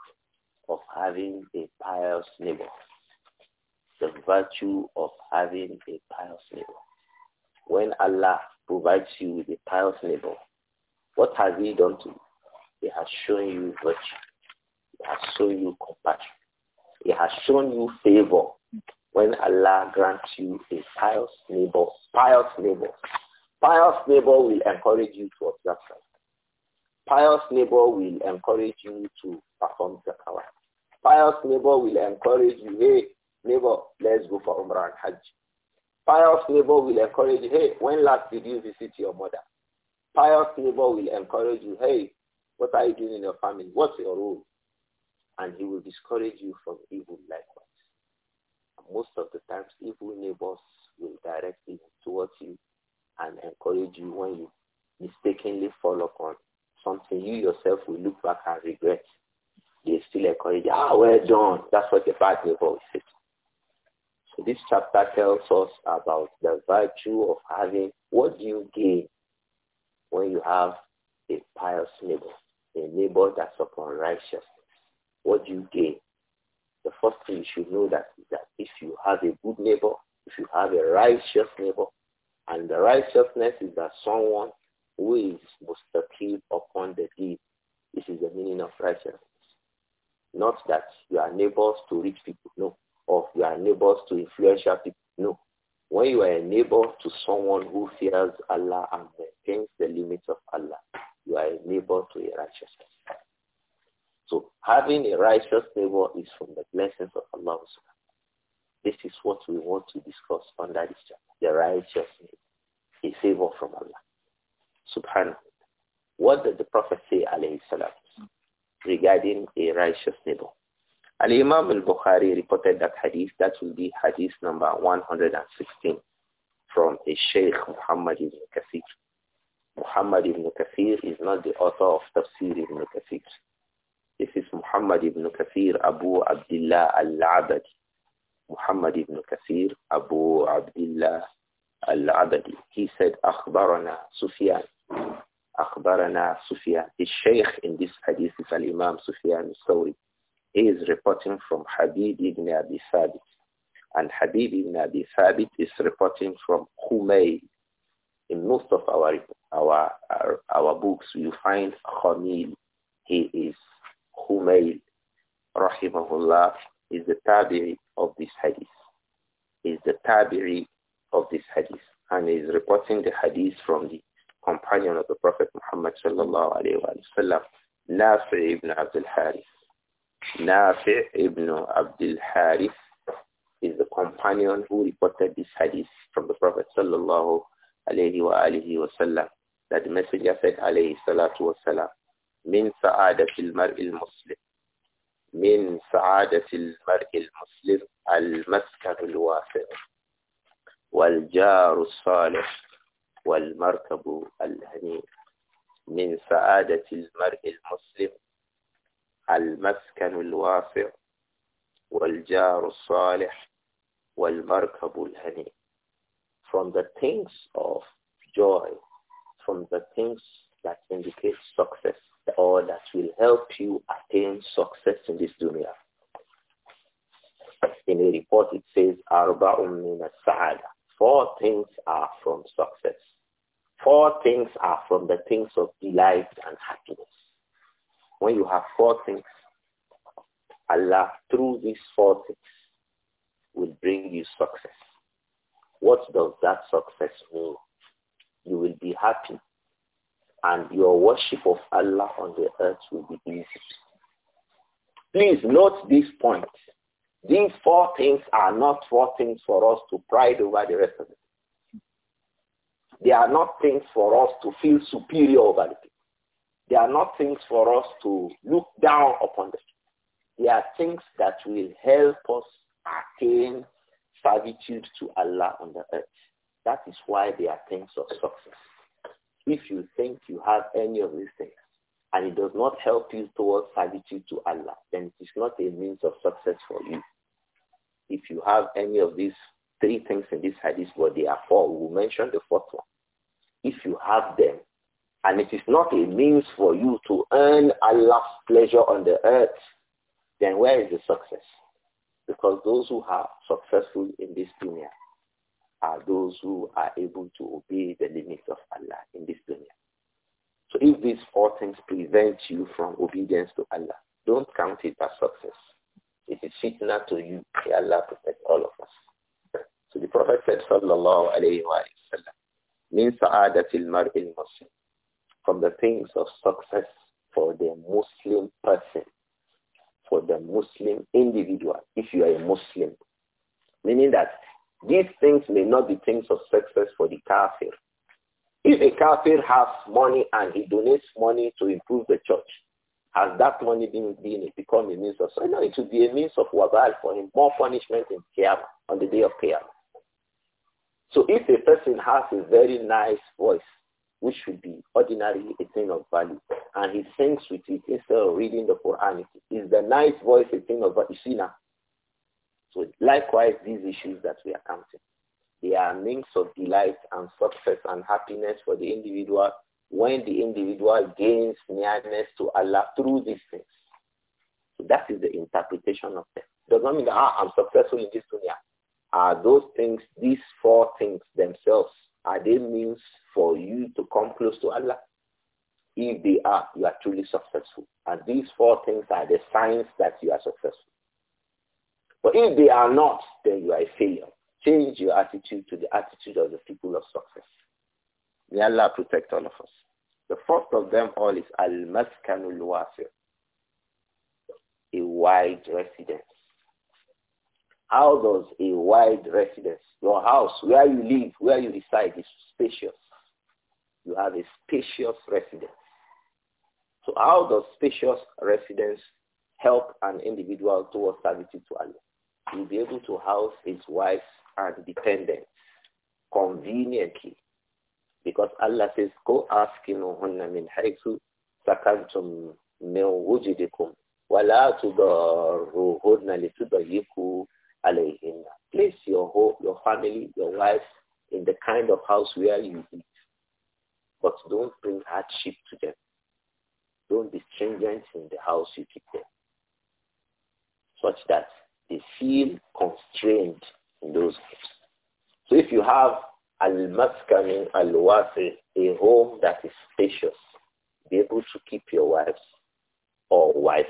of having a pious neighbor. The virtue of having a pious neighbor. When Allah provides you with a pious neighbor, what has he done to you? He has shown you virtue. He has shown you compassion. He has shown you favor. When Allah grants you a pious neighbor, pious neighbor, pious neighbor will encourage you to observe Pious neighbor will encourage you to perform zakawah. Pious neighbor will encourage you, hey, neighbor, let's go for Umrah and Hajj. Pious neighbor will encourage you, hey, when last did you visit your mother? Pious neighbor will encourage you, hey, what are you doing in your family? What's your role? And he will discourage you from evil likewise. most of the times, evil neighbors will direct evil towards you and encourage you when you mistakenly fall upon something you yourself will look back and regret. They still encourage, ah, well done. That's what the Bible always says. So this chapter tells us about the virtue of having what do you gain when you have a pious neighbor, a neighbor that's upon righteousness. What do you gain? The first thing you should know that is that if you have a good neighbor, if you have a righteous neighbor, and the righteousness is that someone ways mustaqim upon the deed. This is the meaning of righteousness. Not that you are neighbors to rich people, no. Or you are neighbors to influential people, no. When you are a neighbor to someone who fears Allah and maintains the limits of Allah, you are a neighbor to a righteous person. So having a righteous neighbor is from the blessings of Allah. This is what we want to discuss under this chapter, the righteous neighbor, a favor from Allah subhanahu. What did the Prophet say, alayhi salam, regarding a righteous neighbor? Al-Imam al-Bukhari reported that hadith. That will be hadith number 116 from a Sheikh Muhammad ibn Kathir. Muhammad ibn Kathir is not the author of Tafsir ibn Kathir. This is Muhammad ibn Kathir Abu Abdullah al-Abadi. Muhammad ibn Kathir Abu Abdullah al-Abadi. He said, أخبرنا sufyan." أخبرنا سفيان الشيخ in this hadith is الإمام سفيان الثوري he is reporting from Habib ibn Abi Thabit and Habib ibn Abi Thabit is reporting from Khumail. in most of our our our, our books you find Khamil he is Khumail. rahimahullah is the tabi'i of this hadith is the tabi'i of this hadith and is reporting the hadith from the companion of the Prophet Muhammad sallallahu alayhi wa sallam, Nafi ibn Abdul Harith. Nafi ibn Abdul Harith is the companion who reported this hadith from the Prophet sallallahu alayhi wa alihi wa sallam that the messenger said alayhi salatu wa sallam, min sa'adatil mar'il muslim min من سعادة al المسلم المسكن الواسع والجار الصالح والمركب الهني من سعادة المرء المسلم المسكن الواسع والجار الصالح والمركب الهني From the things of joy, from the things that indicate success or that will help you attain success in this dunya. In a report it says, Arba'un Four things are from success. Four things are from the things of delight and happiness. When you have four things, Allah, through these four things, will bring you success. What does that success mean? You will be happy and your worship of Allah on the earth will be easy. Please note this point. These four things are not four things for us to pride over the rest of it. They are not things for us to feel superior over They are not things for us to look down upon them. They are things that will help us attain servitude to Allah on the earth. That is why they are things of success. If you think you have any of these things and it does not help you towards servitude to Allah, then it is not a means of success for you. If you have any of these three things in this hadith, but there are four. We will mention the fourth one. If you have them, and it is not a means for you to earn Allah's pleasure on the earth, then where is the success? Because those who are successful in this dunya are those who are able to obey the limits of Allah in this dunya. So if these four things prevent you from obedience to Allah, don't count it as success. It is fitna to you. May Allah protect all of us. So the Prophet said, sallallahu alayhi wa sallam, min sa'adatil mar'il muslim, from the things of success for the Muslim person, for the Muslim individual, if you are a Muslim. Meaning that these things may not be things of success for the kafir. If a kafir has money and he donates money to improve the church, has that money been, been become a means of so no, it will be a means of wabal for him, more punishment in Qiyamah, on the day of Qiyamah. So if a person has a very nice voice, which should be ordinarily a thing of value, and he sings with it instead of reading the Quran, is the nice voice a thing of value? You see now? So likewise, these issues that we are counting, they are means of delight and success and happiness for the individual when the individual gains nearness to Allah through these things. So that is the interpretation of them. It does not mean that ah, I'm successful in this dunya. Are those things, these four things themselves, are they means for you to come close to Allah? If they are, you are truly successful. And these four things are the signs that you are successful. But if they are not, then you are a failure. Change your attitude to the attitude of the people of success. May Allah protect all of us. The first of them all is Al-Maskanul Wasir, a wide residence. How does a wide residence, your house, where you live, where you reside is spacious? You have a spacious residence. So how does spacious residence help an individual towards servitude to Allah? He'll be able to house his wife and dependents conveniently. Because Allah says, go ask him oh, min haythu sakantum Place your home, your family, your wife in the kind of house where you eat. But don't bring hardship to them. Don't be stringent in the house you keep them. Such that they feel constrained in those homes. So if you have al-maskamin al a home that is spacious, be able to keep your wives or wife,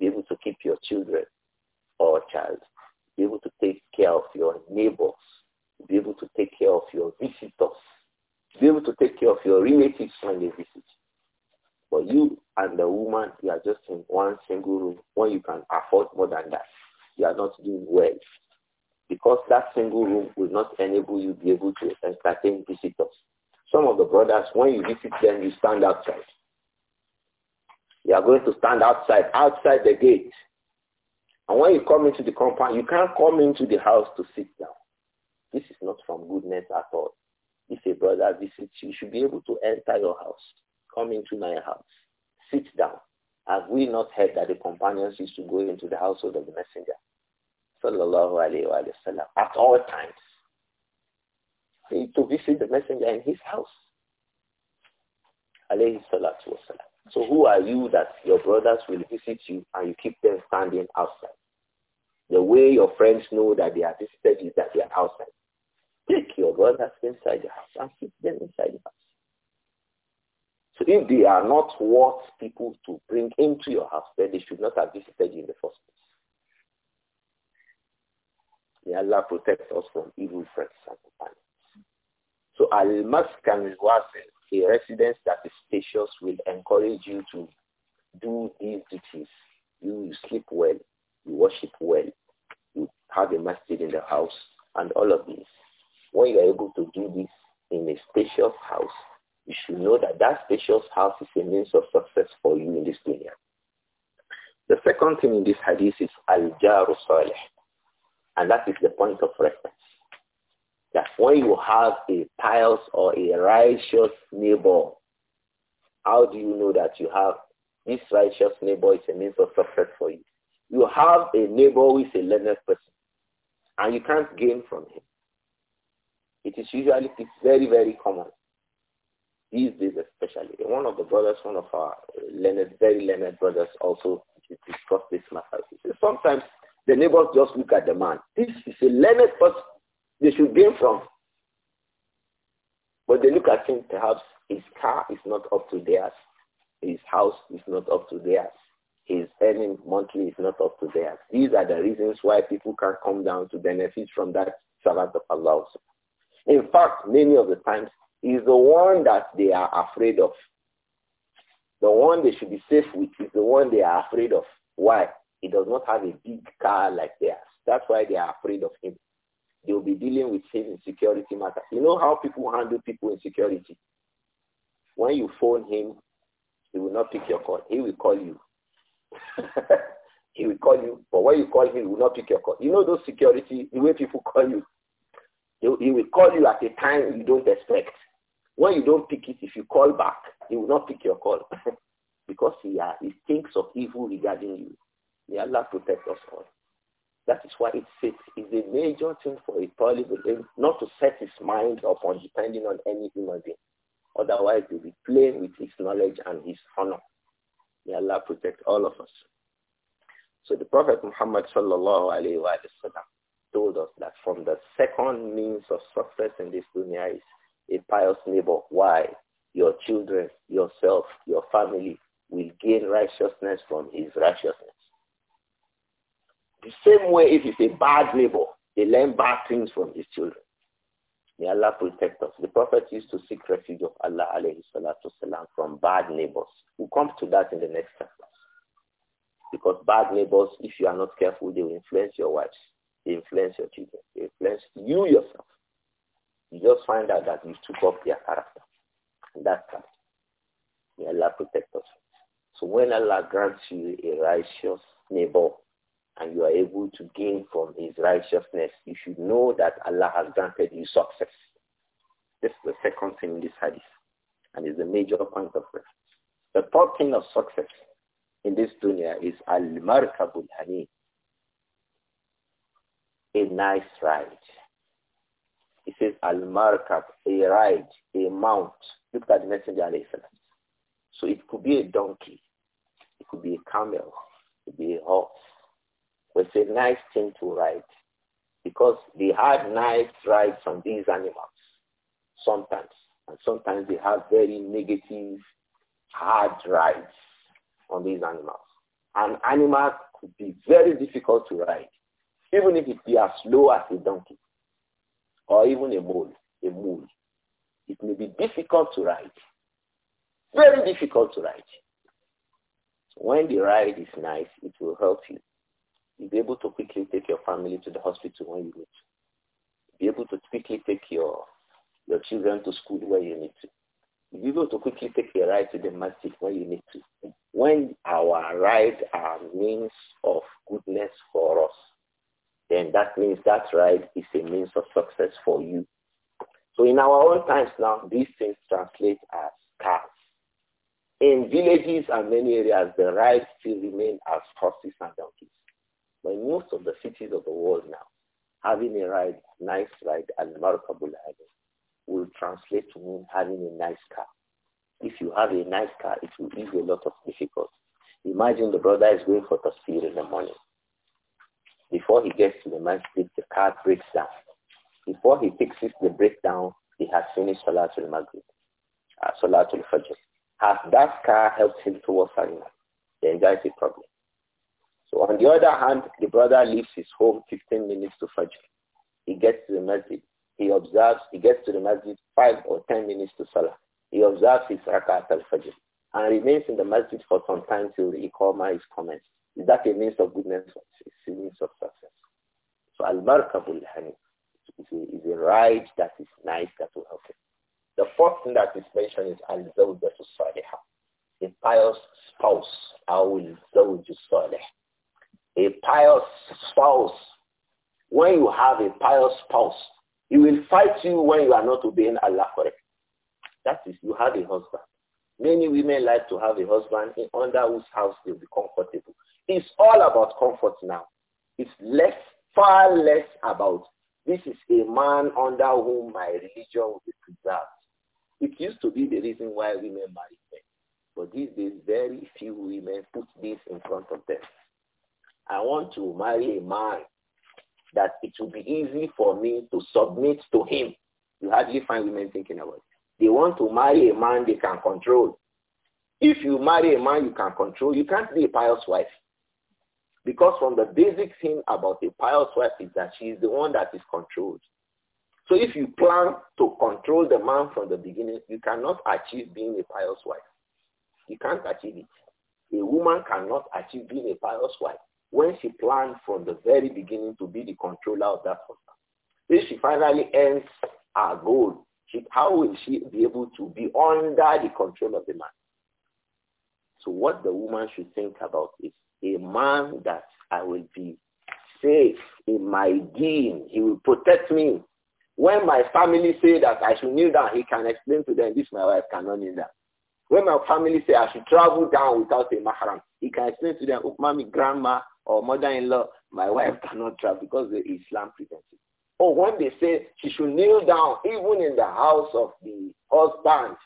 be able to keep your children or child, be able to take care of your neighbors, be able to take care of your visitors, be able to take care of your relatives when they visit. But you and the woman, you are just in one single room when you can afford more than that. You are not doing well. Because that single room will not enable you to be able to entertain visitors. Some of the brothers, when you visit them, you stand outside. You are going to stand outside, outside the gate. And when you come into the compound, you can't come into the house to sit down. This is not from goodness at all. If a brother visits you, you should be able to enter your house. Come into my house. Sit down. Have we not heard that the companions used to go into the household of the messenger? Sallallahu alayhi wa sallam. At all times. To visit the messenger in his house. Alayhi salatu wa sallam. So who are you that your brothers will visit you and you keep them standing outside? The way your friends know that they are visited is that they are outside. Take your brothers inside the house and keep them inside the house. So if they are not worth people to bring into your house, then they should not have visited you in the first place. May Allah protect us from evil friends and companions. So al-maskan wasi a residence that is spacious will encourage you to do these duties. You, sleep well, you worship well, you have a masjid in the house, and all of these. When you are able to do this in a spacious house, you should know that that spacious house is a means of success for you in this dunya. The second thing in this hadith is al-jaru salih, and that is the point of reference that when you have a pious or a righteous neighbor, how do you know that you have this righteous neighbor is a means of success for you? You have a neighbor who is a learned person, and you can't gain from him. It is usually, it's very, very common. These days especially. One of the brothers, one of our learned, very learned brothers also discussed this matter. Sometimes the neighbors just look at the man. This is a learned person they should gain from. But they look at him, perhaps his car is not up to theirs. His house is not up to theirs. His earning monthly is not up to theirs. These are the reasons why people can come down to benefit from that servant of Allah. In fact, many of the times, it's the one that they are afraid of. The one they should be safe with is the one they are afraid of. Why? He does not have a big car like theirs. That's why they are afraid of him they will be dealing with him in security matter. You know how people handle people in security? When you phone him, he will not pick your call. He will call you. <laughs> he will call you, but when you call him, he will not pick your call. You know those security, the way people call you, he will call you at a time you don't expect. When you don't pick it, if you call back, he will not pick your call <laughs> because he, uh, he thinks of evil regarding you. May Allah protect us all. That is why it says is a major thing for a polygamist not to set his mind upon depending on any human being. Otherwise, he'll be playing with his knowledge and his honor. May Allah protect all of us. So the Prophet Muhammad sallallahu alayhi wa told us that from the second means of success in this dunya is a pious neighbor. Why? Your children, yourself, your family will gain righteousness from his righteousness. The same way if it's a bad neighbor, they learn bad things from his children. May Allah protect us. The Prophet used to seek refuge of Allah alayhi salatu salam from bad neighbors. We'll come to that in the next chapter. Because bad neighbors, if you are not careful, they will influence your wives. They influence your children. They influence you yourself. You just find out that you took up their character. And that's that. May Allah protect us. So when Allah grants you a righteous neighbor, and you are able to gain from his righteousness, you should know that Allah has granted you success. This is the second thing in this hadith and is a major point of reference. The third thing of success in this dunya is al-markabul hani, a nice ride. He says al-markab, a ride, a mount. Look at the messenger alayhi So it could be a donkey, it could be a camel, it could be a horse, was a nice thing to write because they had nice rights on these animals sometimes. And sometimes they have very negative, hard rights on these animals. An animal could be very difficult to ride, even if it be as slow as a donkey or even a mole, a mule. It may be difficult to ride, very difficult to ride. So when the ride is nice, it will help you be able to quickly take your family to the hospital when you need to. Be able to quickly take your your children to school where you need to. be able to quickly take a ride to the market where you need to. When our ride are means of goodness for us, then that means that ride is a means of success for you. So in our own times now, these things translate as cars. In villages and many areas, the rides still remain as horses and the but in most of the cities of the world now, having a ride, nice ride, and Markabul will translate to mean having a nice car. If you have a nice car, it will ease a lot of difficulties. Imagine the brother is going for speed in the morning. Before he gets to the masjid, the car breaks down. Before he fixes the breakdown, he has finished Salatul Maghrib, uh, Salatul Fajr. Has that car helped him towards Arima? Then there is a problem. So on the other hand, the brother leaves his home 15 minutes to Fajr. He gets to the masjid. He observes, he gets to the masjid 5 or 10 minutes to Salah. He observes his rakat al-Fajr and remains in the masjid for some time till the Iqamah is commenced. Is that a means of goodness? It's a means of success. So al-markabul hanif is a, is a ride that is nice that will help him. The fourth thing that is mentioned is al-zawjatu salihah, a pious spouse, al-zawjatu salihah a pious spouse, when you have a pious spouse, he will fight you when you are not obeying Allah for it. That is, you have a husband. Many women like to have a husband under whose house they'll be comfortable. It's all about comfort now. It's less, far less about this is a man under whom my religion will be preserved. It used to be the reason why women married men. But these days, very few women put this in front of them. I want to marry a man that it will be easy for me to submit to him. You hardly find women thinking about it. They want to marry a man they can control. If you marry a man you can control, you can't be a pious wife. Because from the basic thing about a pious wife is that she is the one that is controlled. So if you plan to control the man from the beginning, you cannot achieve being a pious wife. You can't achieve it. A woman cannot achieve being a pious wife when she planned from the very beginning to be the controller of that person, If she finally ends her goal, she, how will she be able to be under the control of the man? So what the woman should think about is a man that I will be safe in my deen. He will protect me. When my family say that I should kneel down, he can explain to them, this my wife cannot kneel down. When my family say I should travel down without a mahram, he can explain to them, oh, mommy, grandma, or mother-in-law, my wife <laughs> cannot travel because the Islam prevents it. Or oh, when they say she should kneel down even in the house of the husband,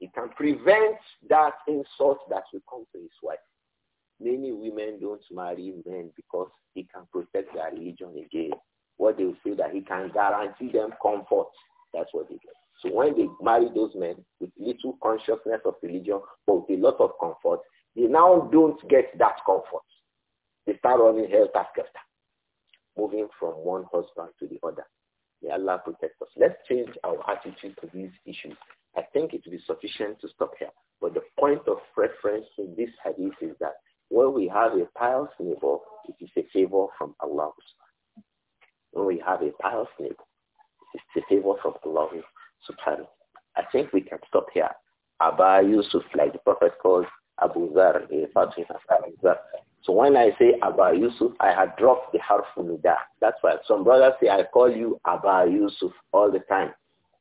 it can prevent that insult that will come to his wife. Many women don't marry men because he can protect their religion again. What they will say that he can guarantee them comfort. That's what they get. So when they marry those men with little consciousness of religion, but with a lot of comfort, they now don't get that comfort. They start running health after, moving from one husband to the other. May Allah protect us. Let's change our attitude to these issues. I think it will be sufficient to stop here. But the point of reference in this hadith is that when we have a pious neighbor, it is a favor from Allah. When we have a pious neighbor, it's a favor from Allah subhanahu. I think we can stop here. Abba Yusuf, like the Prophet calls Abu Dhar, referred Abu So when I say Abba Yusuf, I had dropped the harf nida. That's why some brothers say I call you Abba Yusuf all the time.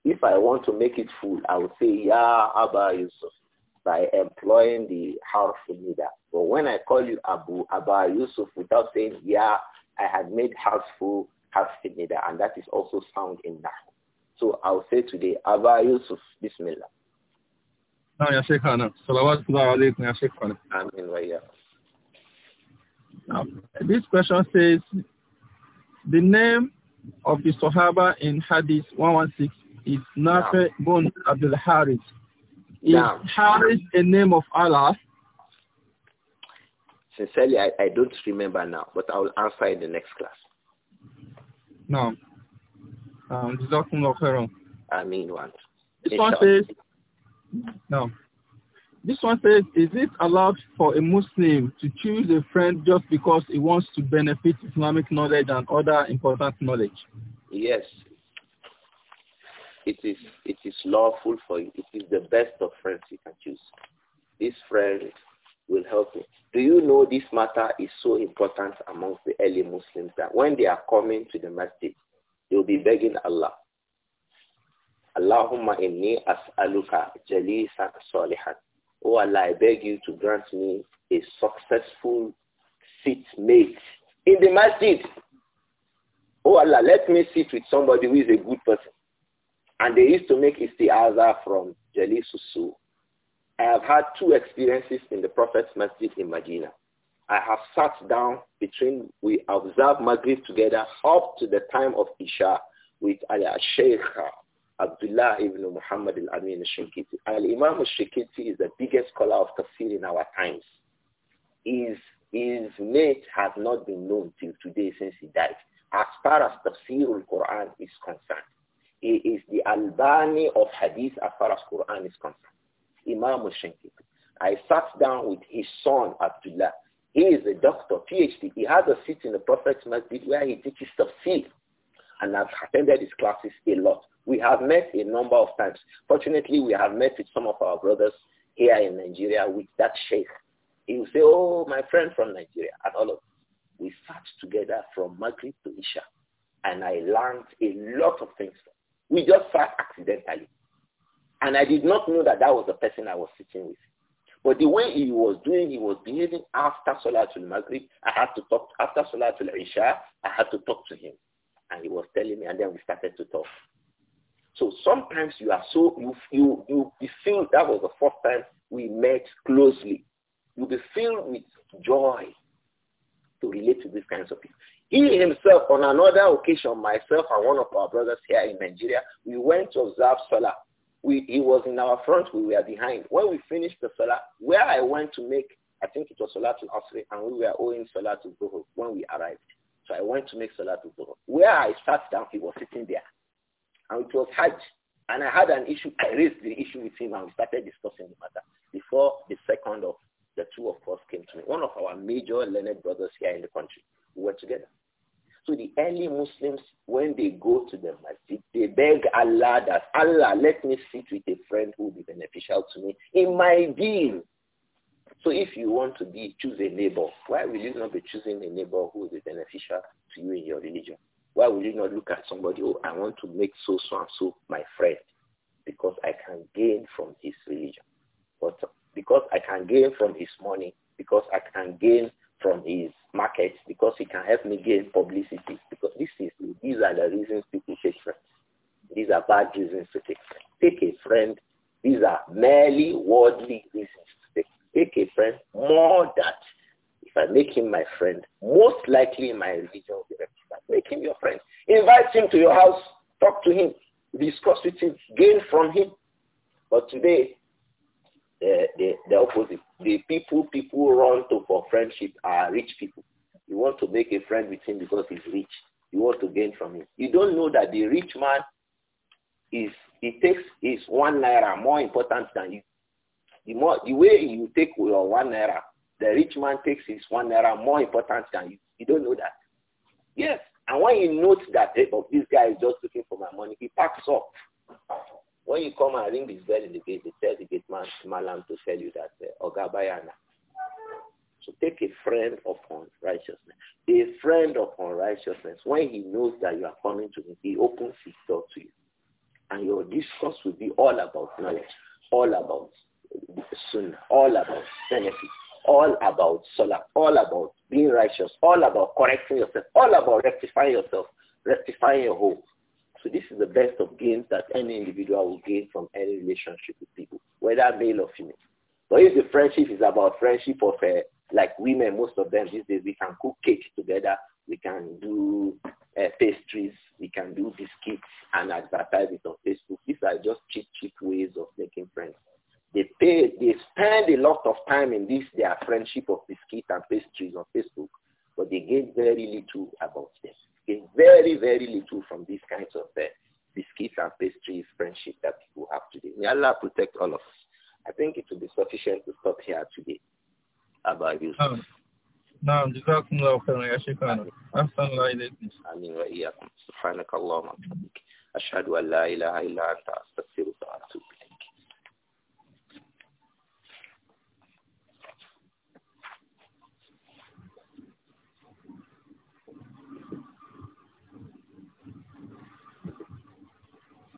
If I want to make it full, I would say Ya Abba Yusuf by employing the harf nida. But when I call you Abu Abba Yusuf without saying Ya, I had made harf full harf nida, and that is also sound in Nahu. So I'll say today Abba Yusuf Bismillah. Now, um, this question says, the name of the Sahaba in Hadith 116 is Nafi bin Abdul Harith. Is yeah. Harith a name of Allah? Sincerely, I, I don't remember now, but I will answer in the next class. No. Um, I mean one. This one says, now, this one says, is it allowed for a Muslim to choose a friend just because he wants to benefit Islamic knowledge and other important knowledge? Yes. It is, it is lawful for you. It is the best of friends you can choose. This friend will help you. Do you know this matter is so important amongst the early Muslims that when they are coming to the masjid, they will be begging Allah, Allahumma inni as'aluka jalisan salihan. Oh Allah, I beg you to grant me a successful seat mate in the masjid. Oh Allah, let me sit with somebody who is a good person. And they used to make istiaza from Jalisusu. I have had two experiences in the Prophet's masjid in Medina. I have sat down between, we observed Maghrib together up to the time of Isha with al-Sheikha Abdullah ibn Muhammad al-Amin al-Shinkiti. Al-Imam al-Shinkiti is the biggest scholar of tafsir in our times. His, his mate has not been known till today since he died. As far as tafsir al-Quran is concerned, he is the Albani of hadith as far as Quran is concerned. Imam al-Shinkiti. I sat down with his son, Abdullah. He is a doctor, PhD. He has a seat in the Prophet's Masjid where he teaches tafsir and I've attended his classes a lot. We have met a number of times. Fortunately, we have met with some of our brothers here in Nigeria with that sheikh. He will say, oh, my friend from Nigeria, and all of us. We sat together from Maghrib to Isha, and I learned a lot of things. We just sat accidentally. And I did not know that that was the person I was sitting with. But the way he was doing, he was behaving after Salatul Maghrib. I had to talk after Salatul Isha. I had to talk to him, and he was telling me, and then we started to talk. So sometimes you are so, you, you, you, feel, that was the first time we met closely. you be filled with joy to relate to these kinds of people. He himself, on another occasion, myself and one of our brothers here in Nigeria, we went to observe Salah. We, he was in our front, we were behind. When we finished the Salah, where I went to make, I think it was Salah to Asri, and we were owing Salah to Zuhur when we arrived. So I went to make Salah to Zuhur. Where I sat down, he was sitting there. And it was Hajj. And I had an issue. I raised the issue with him and we started discussing the matter before the second of the two of us came to me. One of our major learned brothers here in the country. We were together. So the early Muslims, when they go to the masjid, they beg Allah that, Allah, let me sit with a friend who will be beneficial to me in my deen. So if you want to be, choose a neighbor. Why will you not be choosing a neighbor who will be beneficial to you in your religion? Why would you not look at somebody, oh, I want to make so, so, and so my friend because I can gain from his religion. But because I can gain from his money, because I can gain from his market, because he can help me gain publicity. Because this is, these are the reasons people take friends. These are bad reasons to take friends. Take a friend. These are merely worldly reasons to take. Take a friend more that by Make him my friend. Most likely my religion will be rectified. Make him your friend. Invite him to your house. Talk to him. Discuss with him. Gain from him. But today, the, the, the opposite. The people people run to for friendship are rich people. You want to make a friend with him because he's rich. You want to gain from him. You don't know that the rich man is, he takes his one naira more important than you. The, more, the way you take your one naira the rich man takes his one naira more important than you. You don't know that. Yes. And when you note that, hey, but this guy is just looking for my money, he packs up. When you come and ring this bell in the gate, they tell the gate man, Malam, to tell you that, uh, Ogabayana. So take a friend upon righteousness. A friend upon righteousness, when he knows that you are coming to him, he opens his door to you. And your discourse will be all about knowledge, all about soon, all about benefits all about salah, all about being righteous, all about correcting yourself, all about rectifying yourself, rectifying your home. So this is the best of gains that any individual will gain from any relationship with people, whether male or female. But if the friendship is about friendship of uh, like women, most of them these days, we can cook cakes together, we can do uh, pastries, we can do biscuits and advertise it on Facebook. These are just cheap, cheap ways of making friends. They pay, they spend a lot of time in this, their friendship of biscuit and pastries on Facebook, but they gain very little about them. Gain very, very little from these kinds of uh, biscuits and pastries friendship that people have today. May Allah protect all of us. I think it will be sufficient to stop here today about Yusuf. Um. نعم جزاكم الله خيرا يا شيخنا أحسن الله إليكم آمين وإياكم سبحانك اللهم وبحمدك أشهد أن لا إله إلا أنت أستغفرك وأتوب إليك